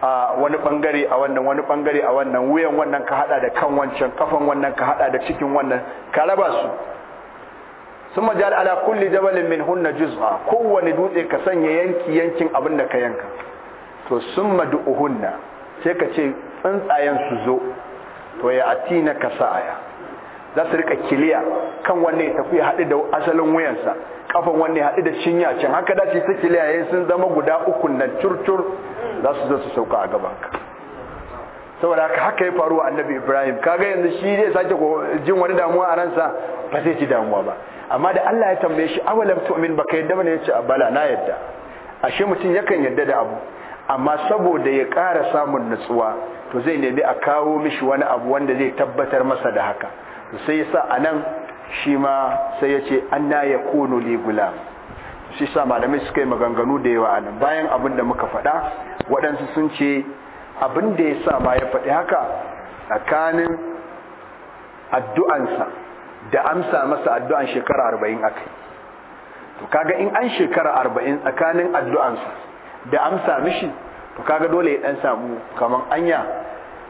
A: a wani bangare a wannan wani bangare a wannan wuyan wannan ka hada da kan wancan kafan wannan ka hada da cikin wannan ka raba su sun majal ala kulli jabalin min hunna juz'a kowane dutse ka sanya yanki yankin abin da ka yanka to sun madu'uhunna sai ka ce tsuntsayen su zo to ya atina ka sa'aya za su rika kiliya kan wanne ya tafi haɗu da asalin wuyansa kafan wanne ya haɗu da shinya can haka dace ta kiliya yayin sun zama guda uku nan curcur za su zo su sauka a gaban ka. saboda haka haka ya faru annabi ibrahim kaga yanzu shi zai sake jin wani damuwa a ransa ba zai ci damuwa ba amma da Allah ya tambaye shi awalam tu'min baka yadda ce a bala na yadda ashe mutum yakan yadda da abu amma saboda ya ƙara samun nutsuwa to zai nemi a kawo mishi wani abu wanda zai tabbatar masa da haka sai ya sa a nan shi ma sai yace anna ya li gulam shi sa malamai suka yi maganganu da yawa a nan bayan abin da muka faɗa waɗansu sun ce abin da ya sa ma ya faɗi haka tsakanin addu'ansa da amsa masa addu'an shekara arba'in aka to kaga in an shekara arba'in tsakanin addu'ansa da amsa mishi to kaga dole ya ɗan samu kamar anya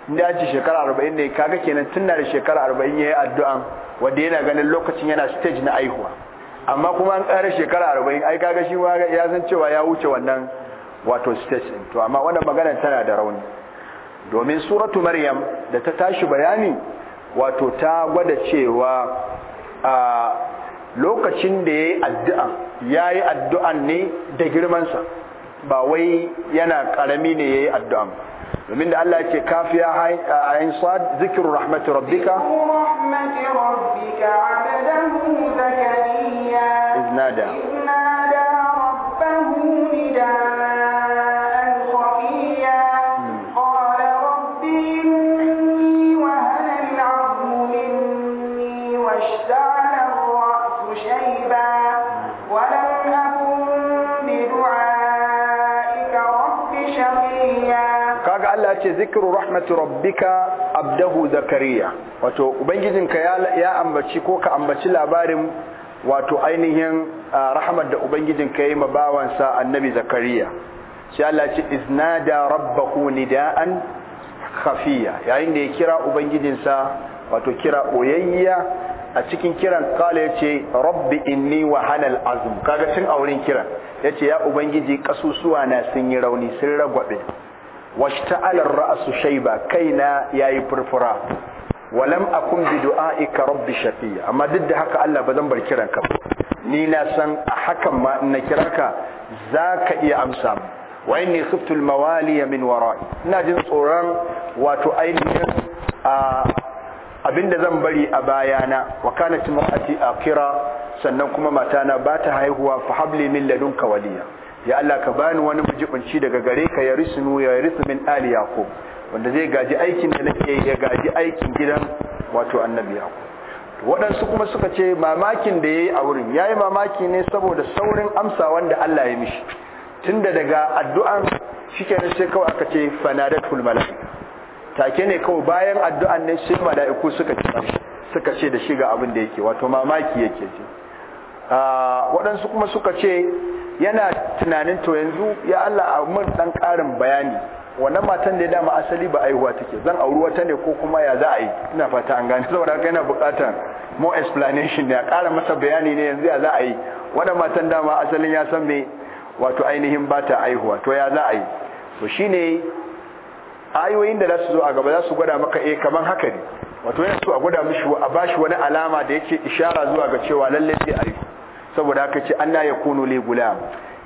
A: inda ya ce shekara arba'in ne kaga kenan tun na da shekara arba'in ya yi addu'an wanda yana ganin lokacin yana stage na aihuwa amma kuma an ƙara shekara arba'in ai kaga shi ya san cewa ya wuce wannan wato stage ɗin to amma wannan magana tana da rauni domin suratu maryam da ta tashi bayani wato ta gwada cewa a lokacin da ya yi addu'a ya yi addu'an ne da girmansa ba wai yana ƙarami ne ya yi addu'an domin da Allah ke kafiya a yin sad zikiru rahmatu rabbika iznada ce zikru rahmatu rabbika abdahu zakariya wato ubangijinka ya ya ambaci ko ka ambaci labarin wato ainihin ah, rahmat da ubangijin ubangijinka yi mabawansa annabi zakariya shi Allah ce iznada rabbahu nidaan khafiya yayin da ya kira ubangijinsa wato kira oyayya a cikin kiran kala yace rabbi inni wa hanal azm kaga cin auren kiran yace ya ubangiji kasusuwa na sun yi rauni sun ragwabe washta'ala ra'asu shaiba kaina yayi furfura walam akun bi du'aika rabbi shafiya amma duk da haka Allah ba zan bar kiran ni na san a hakan ma in na kira ka zaka iya amsa wa inni khiftu al mawali min wara'i ina jin tsoron wato ainihin abinda zan bari a bayana wa kanat a akira sannan kuma matana ba ta haihuwa fa habli min ladunka waliya ya Allah ka bani wani mujibinci daga gare ka ya risinu ya risu min ali yaqub wanda zai gaji aikin da nake ya gaji aikin gidan wato annabi yaqub waɗansu kuma suka ce mamakin da yayi a wurin yayi mamaki ne saboda saurin amsa wanda Allah ya mishi tunda daga addu'an shikenan sai kawai aka ce fanadatul malaika take ne kawai bayan addu'an ne sai mala'iku suka ce suka ce da shi ga abin da yake wato mamaki yake ce ah, waɗansu kuma suka ce yana tunanin to yanzu ya Allah a mun dan karin bayani wannan matan da dama asali ba aihuwa take zan auri wata ne ko kuma ya za a yi ina fata an gane saboda haka yana buƙatar more explanation ne a ƙara masa bayani ne yanzu ya za a yi wannan matan dama asalin ya san me wato ainihin ba ta aihuwa to ya za a yi to shine ayoyin da za su zo a gaba za su gwada maka eh kaman haka ne wato yana so a gwada mishi a bashi wani alama da yake ishara zuwa ga cewa lalle sai a yi saboda aka ce Allah ya kunu le gulam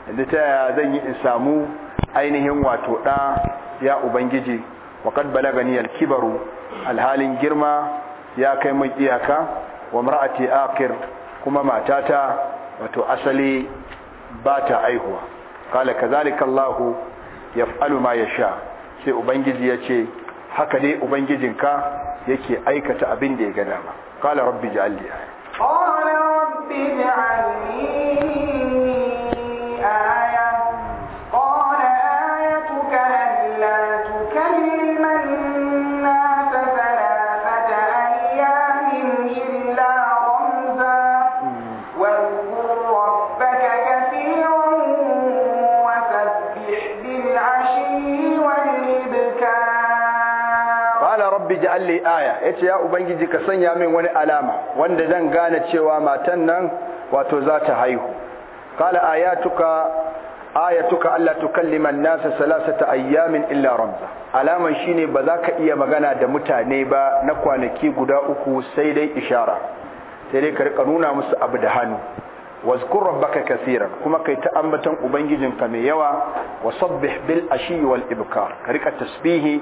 A: yanzu ta yaya zan yi in samu ainihin wato ɗa ya ubangiji wa kad balagani al-kibaru alhalin girma ya kai min iyaka wa mar'ati akir kuma matata wato asali ba ta aihuwa kala kazalika Allah yaf'alu ma yasha sai ubangiji ya ce haka dai ubangijinka yake aikata abin da ya ga dama kala rabbi ja'al li
B: قال رب اجعل لي
A: hadhihi aya yace ya ubangiji ka sanya min wani alama wanda zan gane cewa matan nan wato za ta haihu qala ayatuka ayatuka alla tukallima an-nasa salasata ayyamin illa ramza alaman shine ba za ka iya magana da mutane ba na kwanaki guda uku sai dai ishara sai dai ka rika nuna musu abu da hannu waskurabbaka kasira kuma kai ta abatan ubangijin ka mai yawa wasabbih bil ashiwal ibka ka rika tasbihi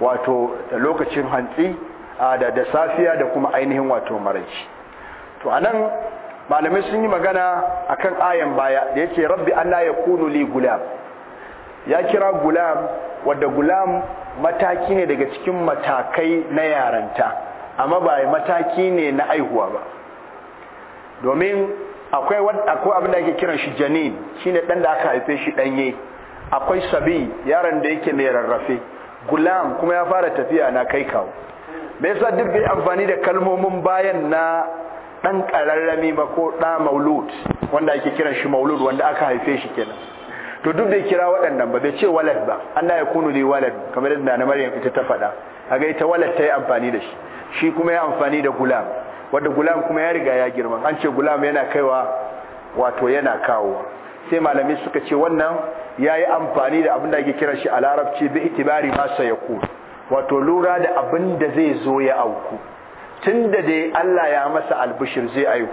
A: watoda lokacin hantsi ada da safiya da kuma ainihin wato maraici. to anan malamai sun yi magana a kan ayan baya da yake rabbi ala ya kululi gula ya kira gula wada gula mataki ne daga cikin matakai na yaranta amma ba mataki ne na aihuwa ba domin akwai akwai abin da ake kiran shi janin shine dan da aka haife shi danye akwai sabi yaron da yake mai rarrafe gulam kuma ya fara tafiya na kai kawo me yasa duk bai amfani da kalmomin bayan na dan kararrami ba ko da maulud wanda ake kiran shi maulud wanda aka haife shi kenan to duk da kira waɗannan ba bai ce walad ba Allah ya kunu li walad kamar yadda na Maryam ita ta faɗa kaga ita walad ta yi amfani da shi shi kuma ya amfani da gulam wanda gulam kuma ya riga ya girma an ce gulam yana kaiwa wato yana kawo sai malami suka ce wannan ya yi amfani da abin da ake kira shi a larabci bi itibari masa ya ku wato lura da abin da zai zo ya auku tun da dai Allah ya masa albishir zai ayu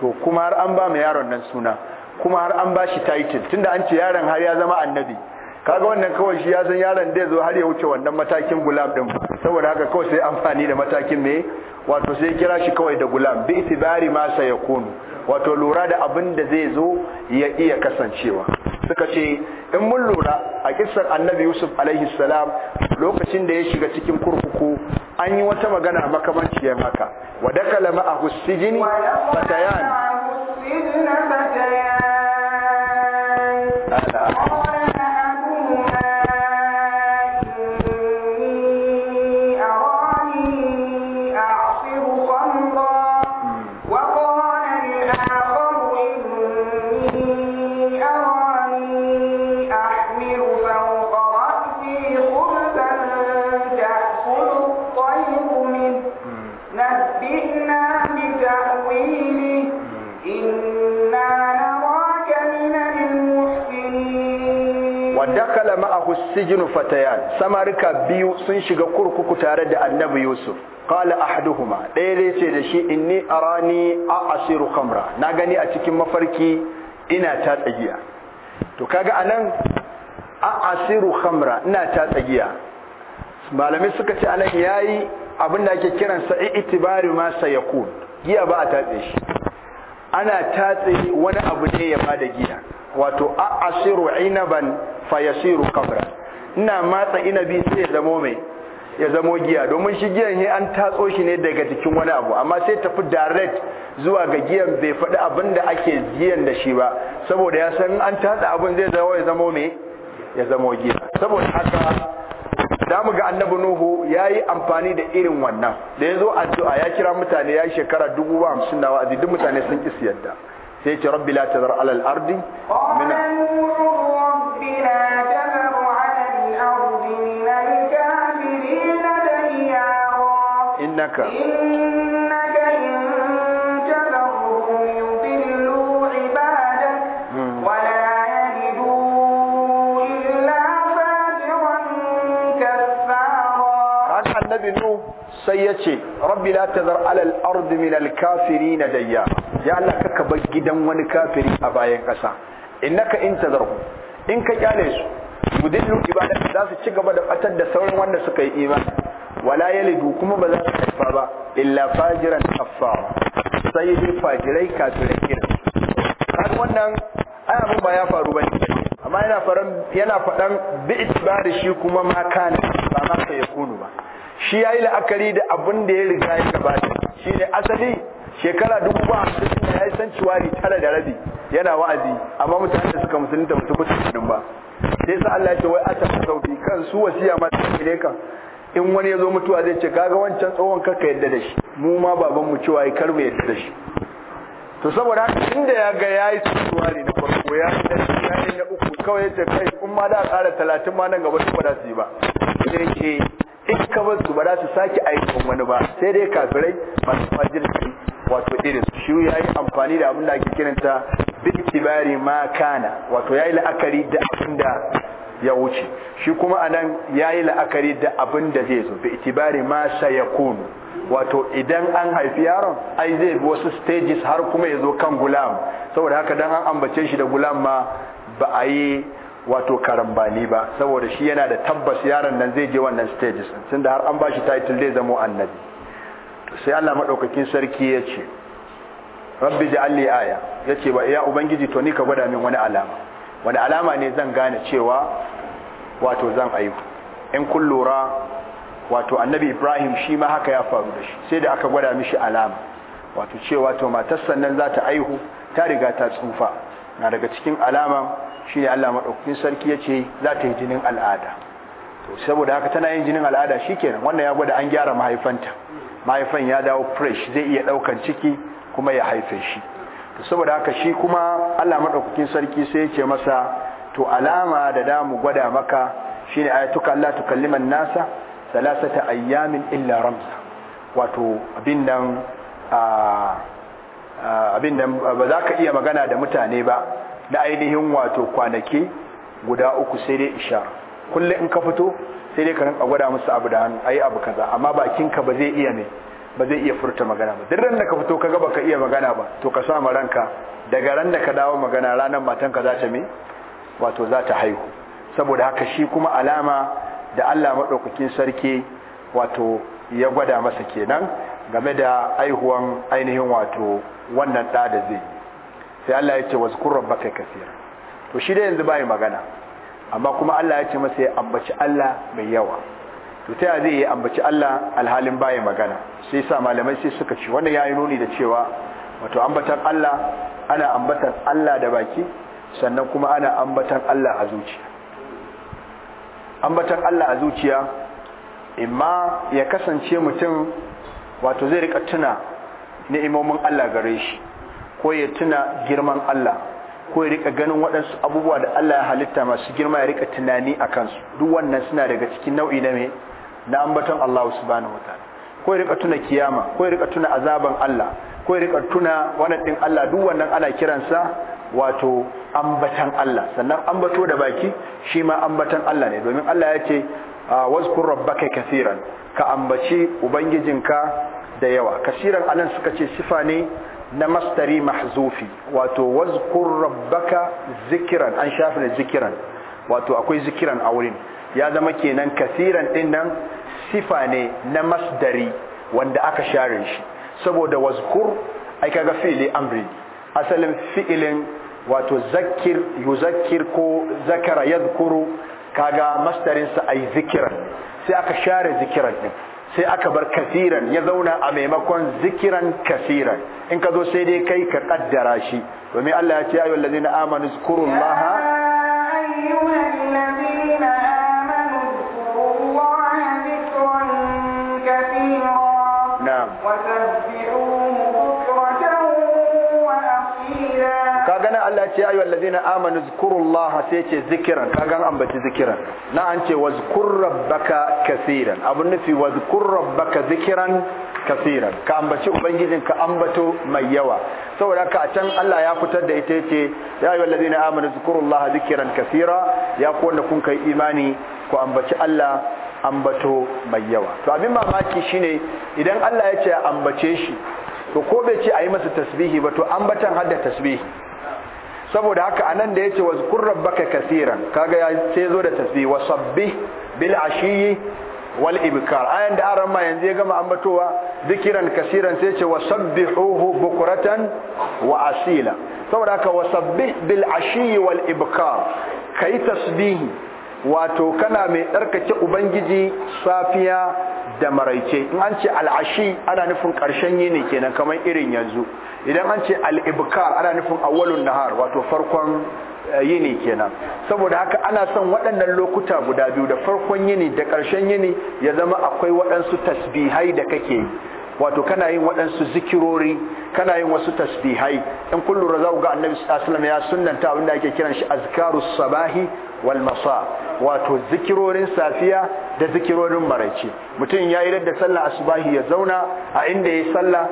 A: to kuma har an ba mu yaron nan suna kuma har an ba shi title tunda an ce yaron har ya zama annabi kaga wannan kawai shi ya san yaron da zo har ya wuce wannan matakin gulam din saboda haka kawai sai amfani da matakin me wato sai kira shi kawai da gulam bi itibari ma sayakunu wato lura da abin da zai zo ya iya kasancewa suka ce in mun lura a kissar annabi yusuf alaihi salam lokacin da ya shiga cikin kurkuku an yi wata magana ya maka. wa dakala ma sijini fatayan sijinu fatayan samarika biyu sun shiga kurkuku tare da annabi yusuf qala ahaduhuma ɗaya dai ce da shi inni arani a asiru kamra, na gani a cikin mafarki ina ta tsagiya to kaga anan a asiru kamra ina ta tsagiya malamai suka ce anan yayi abin da ake kiransa itibari ma sayakun giya ba a tatse shi ana tatse wani abu ne ya ba da giya wato a asiru inaban fayasiru kamra ina matsa ina bi sai ya zamo mai ya zamo giya domin shi giyan he an tatso shi ne daga jikin wani abu amma sai tafi direct zuwa ga giyan bai faɗi abinda da ake giyan da shi ba saboda ya san an tatsa abin zai zama ya zamo mai ya zamo giya saboda haka da mu ga annabi nuhu ya yi amfani da irin wannan da ya zo addu'a ya kira mutane ya yi shekara dubu hamsin na wa'azi duk mutane sun ƙi yadda sai ya ce rabbi la tazar alal ardi min
B: rabbi la إن الكافرين ديارا إنك إنك إن تذرهم يضلوا عبادك ولا يجدوا إلا فاجرا كفارا
A: هذا النبي نوح سيأتي ربي لا تذر على الأرض من الكافرين ديارا ya Allah kaka bar gidan wani kafiri a bayan ƙasa innaka in tadarhu in ka kyale su yudillu ibada za su ci gaba da batar da sauran wanda suka yi imani wala yalidu kuma ba za su haifa ba illa fajiran kafara sai dai fajirai kafirai kenan kan wannan aya mun ba ya faru ba ne amma yana faran yana faɗan bi itibari shi kuma ma kana ba ma ka kunu ba shi yayi la'akari da abin da ya riga ya gabata shine asali shekara dubu ba ya yi san ciwari tara da rabi yana wa'azi amma mutane da suka musulunta mutu kusa kudin ba sai sa Allah ya ce wai a ta sauki kan su wasiya ma ta kire ka in wani ya zo mutuwa zai ce kaga wancan tsohon kaka yadda da shi mu ma baban mu cewa kar mu yadda da shi to saboda haka inda ya ga yayi tsuwa ne na farko ya yi shi uku kawai ya ce kai kuma da ƙara talatin ma nan gaba su ba su yi ba sai ce in ka bar su ba za su sake aikin wani ba sai dai kafirai masu fajirci wato irin shi yi amfani da abin da ake kiranta bil kibari ma kana wato yayi la'akari da abin da ya wuce shi kuma anan yayi la'akari da abin da zai zo bi itibari ma kunu wato idan an haifi yaron ai zai bi wasu stages har kuma ya zo kan gulam saboda haka dan an ambace shi da gulam ma ba a yi wato karambani ba saboda shi yana da tabbas yaron nan zai je wannan stages tunda har an bashi title zai zamo annabi sai Allah madaukakin sarki ya ce rabbi ja'alli aya yace ba ya ubangiji to ni ka gwada min wani alama wani alama ne zan gane cewa wato zan aiku in kun wato annabi Ibrahim shi ma haka ya faru da shi sai da aka gwada mishi alama wato cewa to matar sannan za ta aihu ta riga ta tsufa na daga cikin alama shi ne Allah maɗaukakin sarki ya ce za ta yi jinin al'ada saboda haka tana yin jinin al'ada shi kenan wannan ya gwada an gyara mahaifanta mahaifan ya dawo fresh zai iya ɗaukan ciki kuma ya haife shi saboda haka shi kuma Allah madaukakin sarki sai ya ce masa to alama da damu gwada maka shine ayatuka Allah tukalliman nasa salasata ayyamin illa ramza wato abin nan abin nan ba za ka iya magana da mutane ba na ainihin wato kwanaki guda uku sai dai ishara kullum in ka fito sai dai ka rinka gwada musu abu da hannu ayi abu kaza amma bakinka ba zai iya ne ba zai iya furta magana ba duk ran da ka fito kaga baka iya magana ba to ka sa ma ranka daga ran da ka dawo magana ranar matanka za ta mi wato za ta haihu saboda haka shi kuma alama da Allah madaukakin sarki wato ya gwada masa kenan game da aihuwan ainihin wato wannan da da zai sai Allah ya ce wazkur rabbaka kaseera to shi da yanzu bai magana amma kuma Allah ya ce masa ya ambaci Allah mai yawa to ta zai yi ambaci Allah alhalin baya magana sai sa malamai sai suka ce wannan ya yi nuni da cewa wato ambatan Allah ana ambatan Allah da baki sannan kuma ana ambatan Allah a zuciya ambatan Allah a zuciya imma ya kasance mutum wato zai rika tuna ni'imomin Allah gare shi ko ya tuna girman Allah ko ya rika ganin waɗansu abubuwa da Allah ya halitta masu girma ya rika tunani a kansu duk wannan suna daga cikin nau'i na me na ambaton Allah subhanahu wataala ko ya rika tuna kiyama ko ya rika tuna azaban Allah ko ya rika tuna wannan din Allah duk wannan ana kiransa wato ambatan Allah sannan ambato da baki shi ma ambatan Allah ne domin Allah ya ce ah, wazkur rabbaka kaseeran ka ambaci ubangijinka da yawa kasiran anan suka ce sifa ne na mastari mahzufi wato wazkur rabbaka zikiran an shafi da zikiran wato akwai zikiran a wurin ya zama kenan kasiran din nan sifa ne na masdari wanda aka share shi saboda wazkur ai kaga fi'li amri asalin fi'ilin wato zakir yuzakir ko zakara yadhkuru kaga masdarin sa ai zikiran sai aka share zikiran din sai aka bar kasiran ya zauna a maimakon zikiran kasiran in ka zo sai dai kai ka kaddara shi domin Allah ya ce ayyuhallazina amanu zkurullaha
B: ayyuhallazina
A: ce ayu allazina amanu zkurullaha sai ce zikiran kagan ambaci zikiran na an ce wazkur rabbaka kaseeran abun nufi wazkur rabbaka zikiran kaseeran ka ambaci ubangijin ka ambato mai yawa saboda haka a can Allah ya fitar da ita yace ya ayu allazina amanu zkurullaha zikiran kaseera ya ku wanda kun kai imani ku ambaci Allah ambato mai yawa to abin mamaki shine idan Allah ya ce ambace shi to ko bai ce a yi masa tasbihi ba to ambatan hadda tasbihi saboda haka anan da yace wazkur rabbaka kaseeran kaga ya ce zo da tasbi wa sabbih bil ashiyi wal ibkar ayan da aran yanzu ya gama ambatowa zikiran kaseeran sai yace sabbihuhu bukratan wa asila saboda haka wasabbi bil ashiyi wal ibkar kai tasbihi wato kana mai tsarkake ubangiji safiya da maraice in an ce al'ashi ana nufin ƙarshen yini kenan kamar irin yanzu idan an ce al'ibka ana nufin awalun nahar wato farkon eh, yini kenan saboda haka ana son waɗannan lokuta guda biyu da farkon yini da ƙarshen yini ya zama akwai waɗansu tasbihai da kake yi wato kana yin waɗansu zikirori kana yin wasu tasbihai in kullum lura ga annabi sallallahu alaihi wasallam ya sunnanta abin da ake kiran shi azkarus sabahi wal masa wato zikirorin safiya da zikirorin maraice mutum ya yi da sallah asubahi ya zauna a inda ya sallah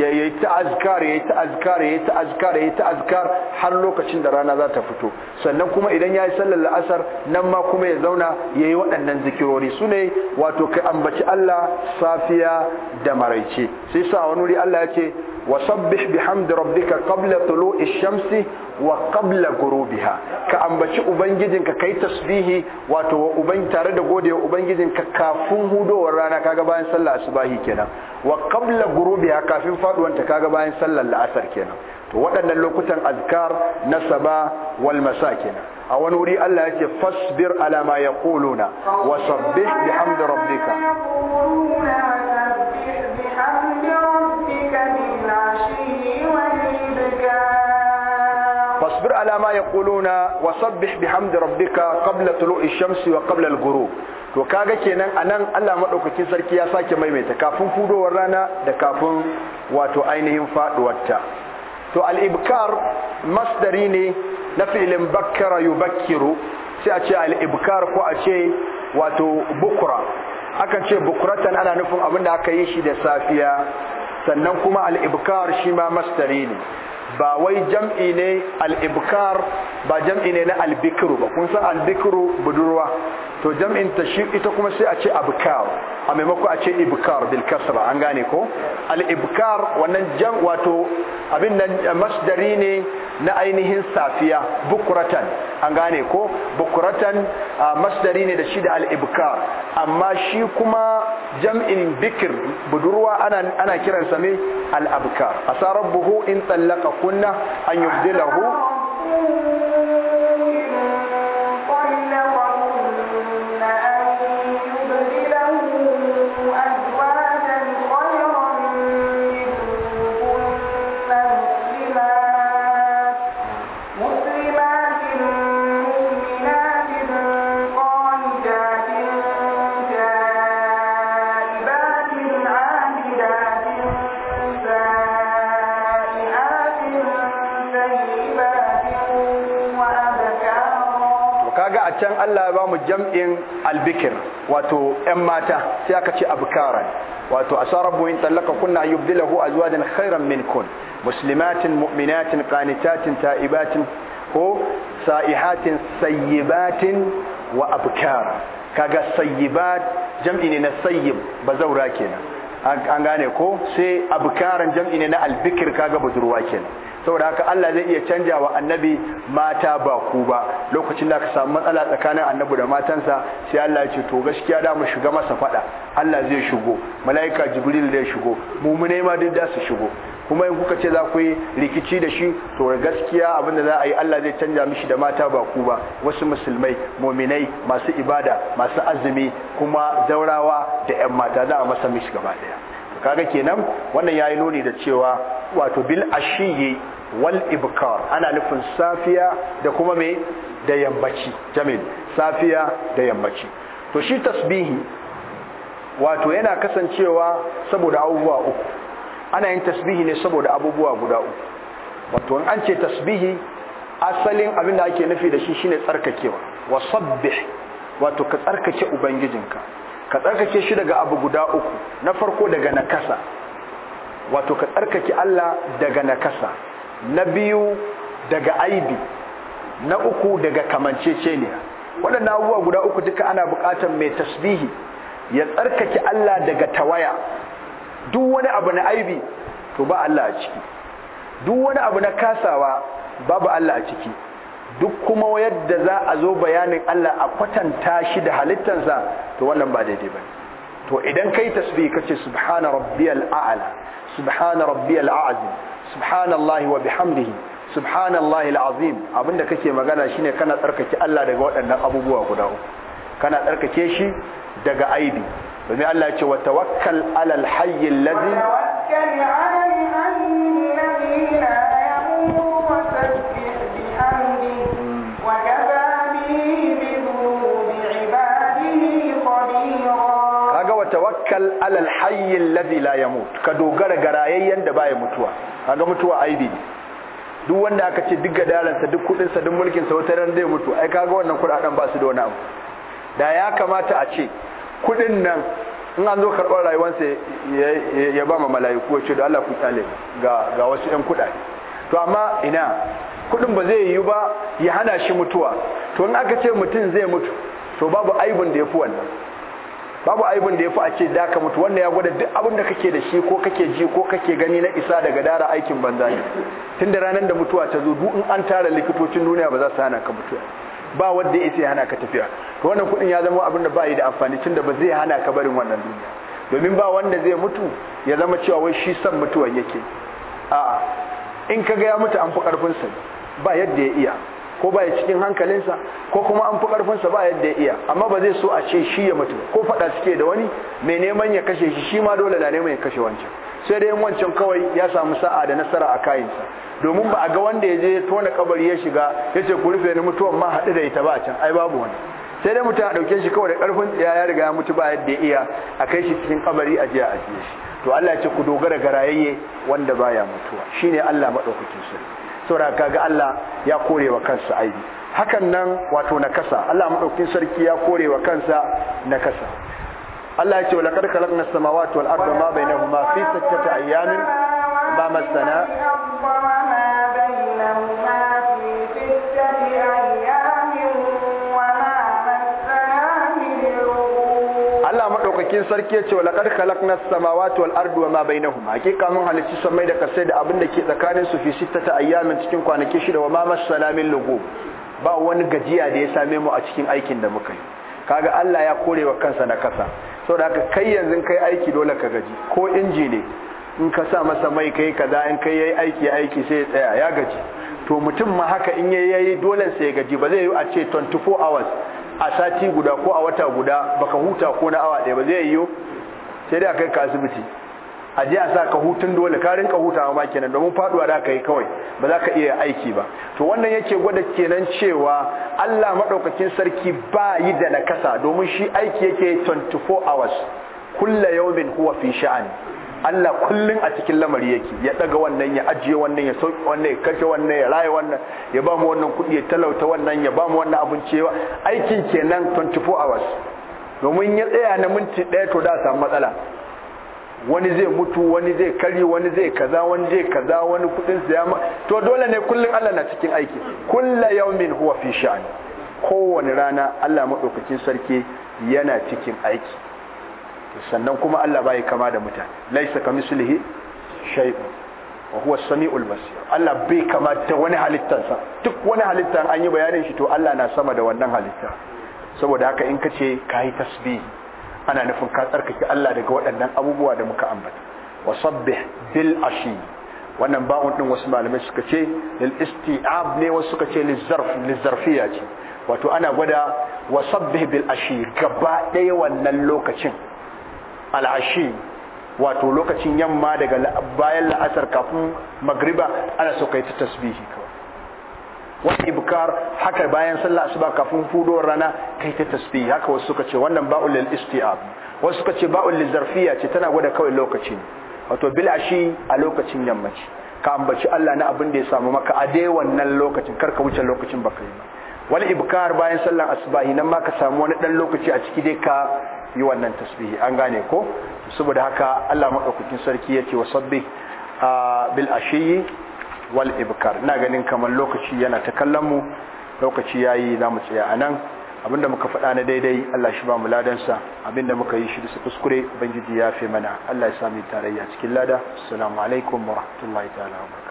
A: ya yi ta azkar ya yi ta azkar ya yi ta azkar ya yi ta azkar har lokacin da rana za ta fito sannan kuma idan ya yi sallar la'asar nan ma kuma ya zauna ya yi waɗannan zikirori su ne wato ka ambaci Allah safiya da maraice sai sa wani wuri Allah ya ce wasabbih bihamdi rabbika qabla tulu'i shamsi wa qabla ghurubiha ka ambaci ubangijinka kai tasbihi wato tare da godewa ubangijinka kafin hudowar rana kaga bayan sallar asubahi kenan wa qabla ghurubiha kafin faduwanta kaga bayan sallar la'asar kenan to waɗannan lokutan azkar na saba wal masakin a wani wuri Allah ya ce fasbir ala ma yaquluna wa sabbih hamdi rabbika فاصبر على ما يقولون وسبح بحمد ربك shamsi wa qabla al-ghurub to kaga kenan anan Allah madaukaki sarki ya sake maimaita kafin fudowar rana da kafin wato ainihin ta to al-ibkar masdari ne na filin bakkara bakkiru, sai a ce al-ibkar ko a ce wato bukura akan ce bukuratan ana nufin abin da aka yi shi da safiya sannan kuma al-ibkar shi ma masdari ne ba wai jam'i ne al-ibkar ba jam'i ne na al-bikru ba kun san al-bikru budurwa to jam'in tashir ita kuma sai a ce abkar a maimako a ce ibkar bil kasra an gane ko al-ibkar wannan jam wato abin nan masdari ne na ainihin safiya bukuratan an gane ko bukuratan ah, masdari ne da shi da al'ibkar amma shi kuma jam'in bikir budurwa ana kiransa ne al'abkar a buhu in tsallaka kunna an yubdilahu Allah ya ba mu jam'in albikir wato ‘yan mata sai aka ce abkara wato a in yin kunna yubdilahu azwajan khairan min kun muslimatin mu'minatin qanitatin ta'ibatin ko sa'ihatin sayyibatin wa abkara kaga sayyibat jam'i ne na sayyib bazaura kenan an gane ko sai abkaran jam'i ne na albikir kaga budurwa kenan saboda haka Allah zai iya canja wa annabi mata ba ku ba lokacin da aka samu matsala tsakanin annabi da matansa sai Allah ya ce to gaskiya da mu shiga masa fada Allah zai shigo mala'ika jibril zai shigo mumunai ma duk da su shigo kuma in kuka ce za ku yi rikici da shi to gaskiya abin da za a yi Allah zai canja mishi da mata ba ku ba wasu musulmai muminai masu ibada masu azumi kuma zaurawa da yan mata za a masa mishi gaba daya kaga kenan wannan yayi nuni da cewa wato bil ashiyi wal ibkar ana nufin safiya da kuma me da yammaci jamil safiya da yammaci to shi tasbihi wato yana kasancewa saboda abubuwa uku ana yin tasbihi ne saboda abubuwa guda uku wato in an ce tasbihi asalin abin da ake nufi da shi shine tsarkakewa wa sabbih wato ka tsarkake ubangijinka ka tsarkake shi daga abu guda uku na farko daga nakasa wato ka tsarkake Allah daga nakasa na biyu daga aibi na uku daga kamanceceniya waɗannan abubuwa guda uku duka ana buƙatar mai tasbihi ya tsarkake Allah daga tawaya duk wani abu na aibi to ba Allah a ciki duk wani abu na kasawa babu Allah a ciki duk kuma yadda za a zo bayanin Allah a kwatanta shi da halittansa to wannan ba daidai ba to idan kai tasbihi kace subhana rabbiyal a'la subhana rabbiyal a'zim subhanallahi wa bihamdihi subhanallahi alazim abinda kake magana shine kana tsarkake Allah daga waɗannan abubuwa guda uku kana tsarkake shi daga aibi domin Allah ya ce wa tawakkal alal hayy allazi
B: tawakkal alal hayy la yamut
A: tawakkal alal hayy alladhi la yamut ka dogara ga rayayyen da baya mutuwa kaga mutuwa aibi ne duk wanda aka ce duk gadaransa duk kudin sa duk mulkin sa wata ran zai mutu ai kaga wannan kudaden ba su da wani abu da ya kamata a ce kudin nan in an zo karɓar rayuwarsa ya ba ma mala'iku ya ce da Allah ku tsale ga ga wasu ɗan kudaden to amma ina kudin ba zai yi ba ya hana shi mutuwa to in aka ce mutum zai mutu to babu aibun da ya fi wannan babu aibin da ya a ce da ka mutu wannan ya gwada duk abin da kake da shi ko kake ji ko kake gani na isa daga dara aikin banza ne tun da ranar da mutuwa ta zo duk in an tara likitocin duniya ba za su hana ka mutuwa ba wadda ya sai hana ka tafiya to wannan kuɗin ya zama abin da ba yi da amfani tun da ba zai hana ka barin wannan duniya domin ba wanda zai mutu ya zama cewa wai shi san mutuwa yake a'a in ka ga ya mutu an fi karfin sa ba yadda ya iya ko ba ya cikin hankalinsa ko kuma an fi karfinsa ba yadda ya iya amma ba zai so a ce shi ya mutu ko faɗa suke da wani mai neman ya kashe shi shi ma dole na neman ya kashe wancan sai dai wancan kawai ya samu sa'a da nasara a kayansa domin ba a ga wanda ya je ya tona kabari ya shiga ya ce ku rufe ni mutuwan ma haɗu da ita ba a can ai babu wani sai dai mutum a ɗauke shi kawai da ƙarfin tsaya ya riga ya mutu ba yadda ya iya a kai shi cikin kabari a je a ajiye shi to Allah ya ce ku dogara garayayye wanda baya mutuwa shine Allah madaukakin sarki saboda kaga Allah ya kore wa kansa aibi hakan nan wato nakasa Allah madaukakin sarki ya kore wa kansa nakasa Allah ya ce wala kad khalaqna samawati wal arda ma bainahuma fi sittati ayamin ma massana
B: ma bainahuma fi sittati ayamin
A: madaukakin sarki ya ce wa laqad khalaqna samawati wal ardi wa ma bainahuma hakika mun halicci samai da kasai da abin da ke tsakanin su fi ta ayyamin cikin kwanaki shida wa ma massana min lugu ba wani gajiya da ya same mu a cikin aikin da muka yi kaga Allah ya kore wa kansa na kasa saboda haka kai yanzu kai aiki dole ka gaji ko inji ne in ka sa masa mai kai kaza in kai yayi aiki aiki sai ya tsaya ya gaji to mutum ma haka in yayi dole sai ya gaji ba zai yi a ce 24 hours a sati guda ko a wata guda baka huta ko na awa ɗaya ba zai yiwu sai dai a kai ka asibiti a je a sa ka hutun dole ka rinka hutawa ma kenan domin faduwa da ka yi kawai ba za ka iya aiki ba to wannan yake gwada kenan cewa Allah maɗaukakin sarki ba yi da nakasa domin shi aiki yake 24 hours kulla min huwa fi sha'ani Allah kullun a cikin lamari yake ya daga wannan ya ajiye wannan ya sauki wannan ya kashe wannan ya raye wannan ya ba mu wannan kuɗi ya talauta wannan ya ba mu wannan abinci aikin kenan 24 hours domin ya tsaya na minti ɗaya to da samu matsala wani zai mutu wani zai kari wani zai kaza wani zai kaza wani kudin siya to dole ne kullun Allah na cikin aiki kullu yawmin huwa fi sha'ani kowane rana Allah madaukakin sarki yana cikin aiki sannan kuma Allah bai kama da mutane laisa mislihi shay'u wa huwa samiul basir Allah bai kama da wani sa. duk wani halittar an yi bayanin shi to Allah na sama da wannan halitta saboda haka in ka ce kai tasbih ana nufin ka tsarkake Allah daga waɗannan abubuwa da muka ambata wa sabbih bil ashi wannan ba'un din wasu malamai suka ce lil isti'ab ne wasu suka ce lil zarf lil zarfiya ce wato ana gwada wa sabbih bil ashi gaba ɗaya wannan lokacin al'ashi wato lokacin yamma daga bayan la'asar kafin magriba ana so kai ta tasbihi kawai wani ibkar haka bayan sallah asuba kafin fudowar rana kai ta tasbihi haka wasu suka ce wannan ba'ul lil isti'ab wasu suka ce ba'ul lil zarfiya ce tana gwada kawai lokaci ne wato bil ashi a lokacin yammaci ka ambaci Allah na abin da ya samu maka a dai wannan lokacin kar ka wuce lokacin baka yi ba wani ibkar bayan sallar asuba nan ma ka samu wani dan lokaci a ciki dai ka yi wannan tasbihi an gane ko saboda haka Allah madaukakin sarki yace wa sabbi bil ashiyi wal ibkar ina ganin kamar lokaci yana ta kallon mu lokaci yayi zamu tsaya anan abinda muka faɗa na daidai Allah shi ba mu ladansa abinda muka yi shi da kuskure ubangiji ya fi mana Allah ya sami tarayya cikin lada assalamu alaikum wa rahmatullahi ta'ala wa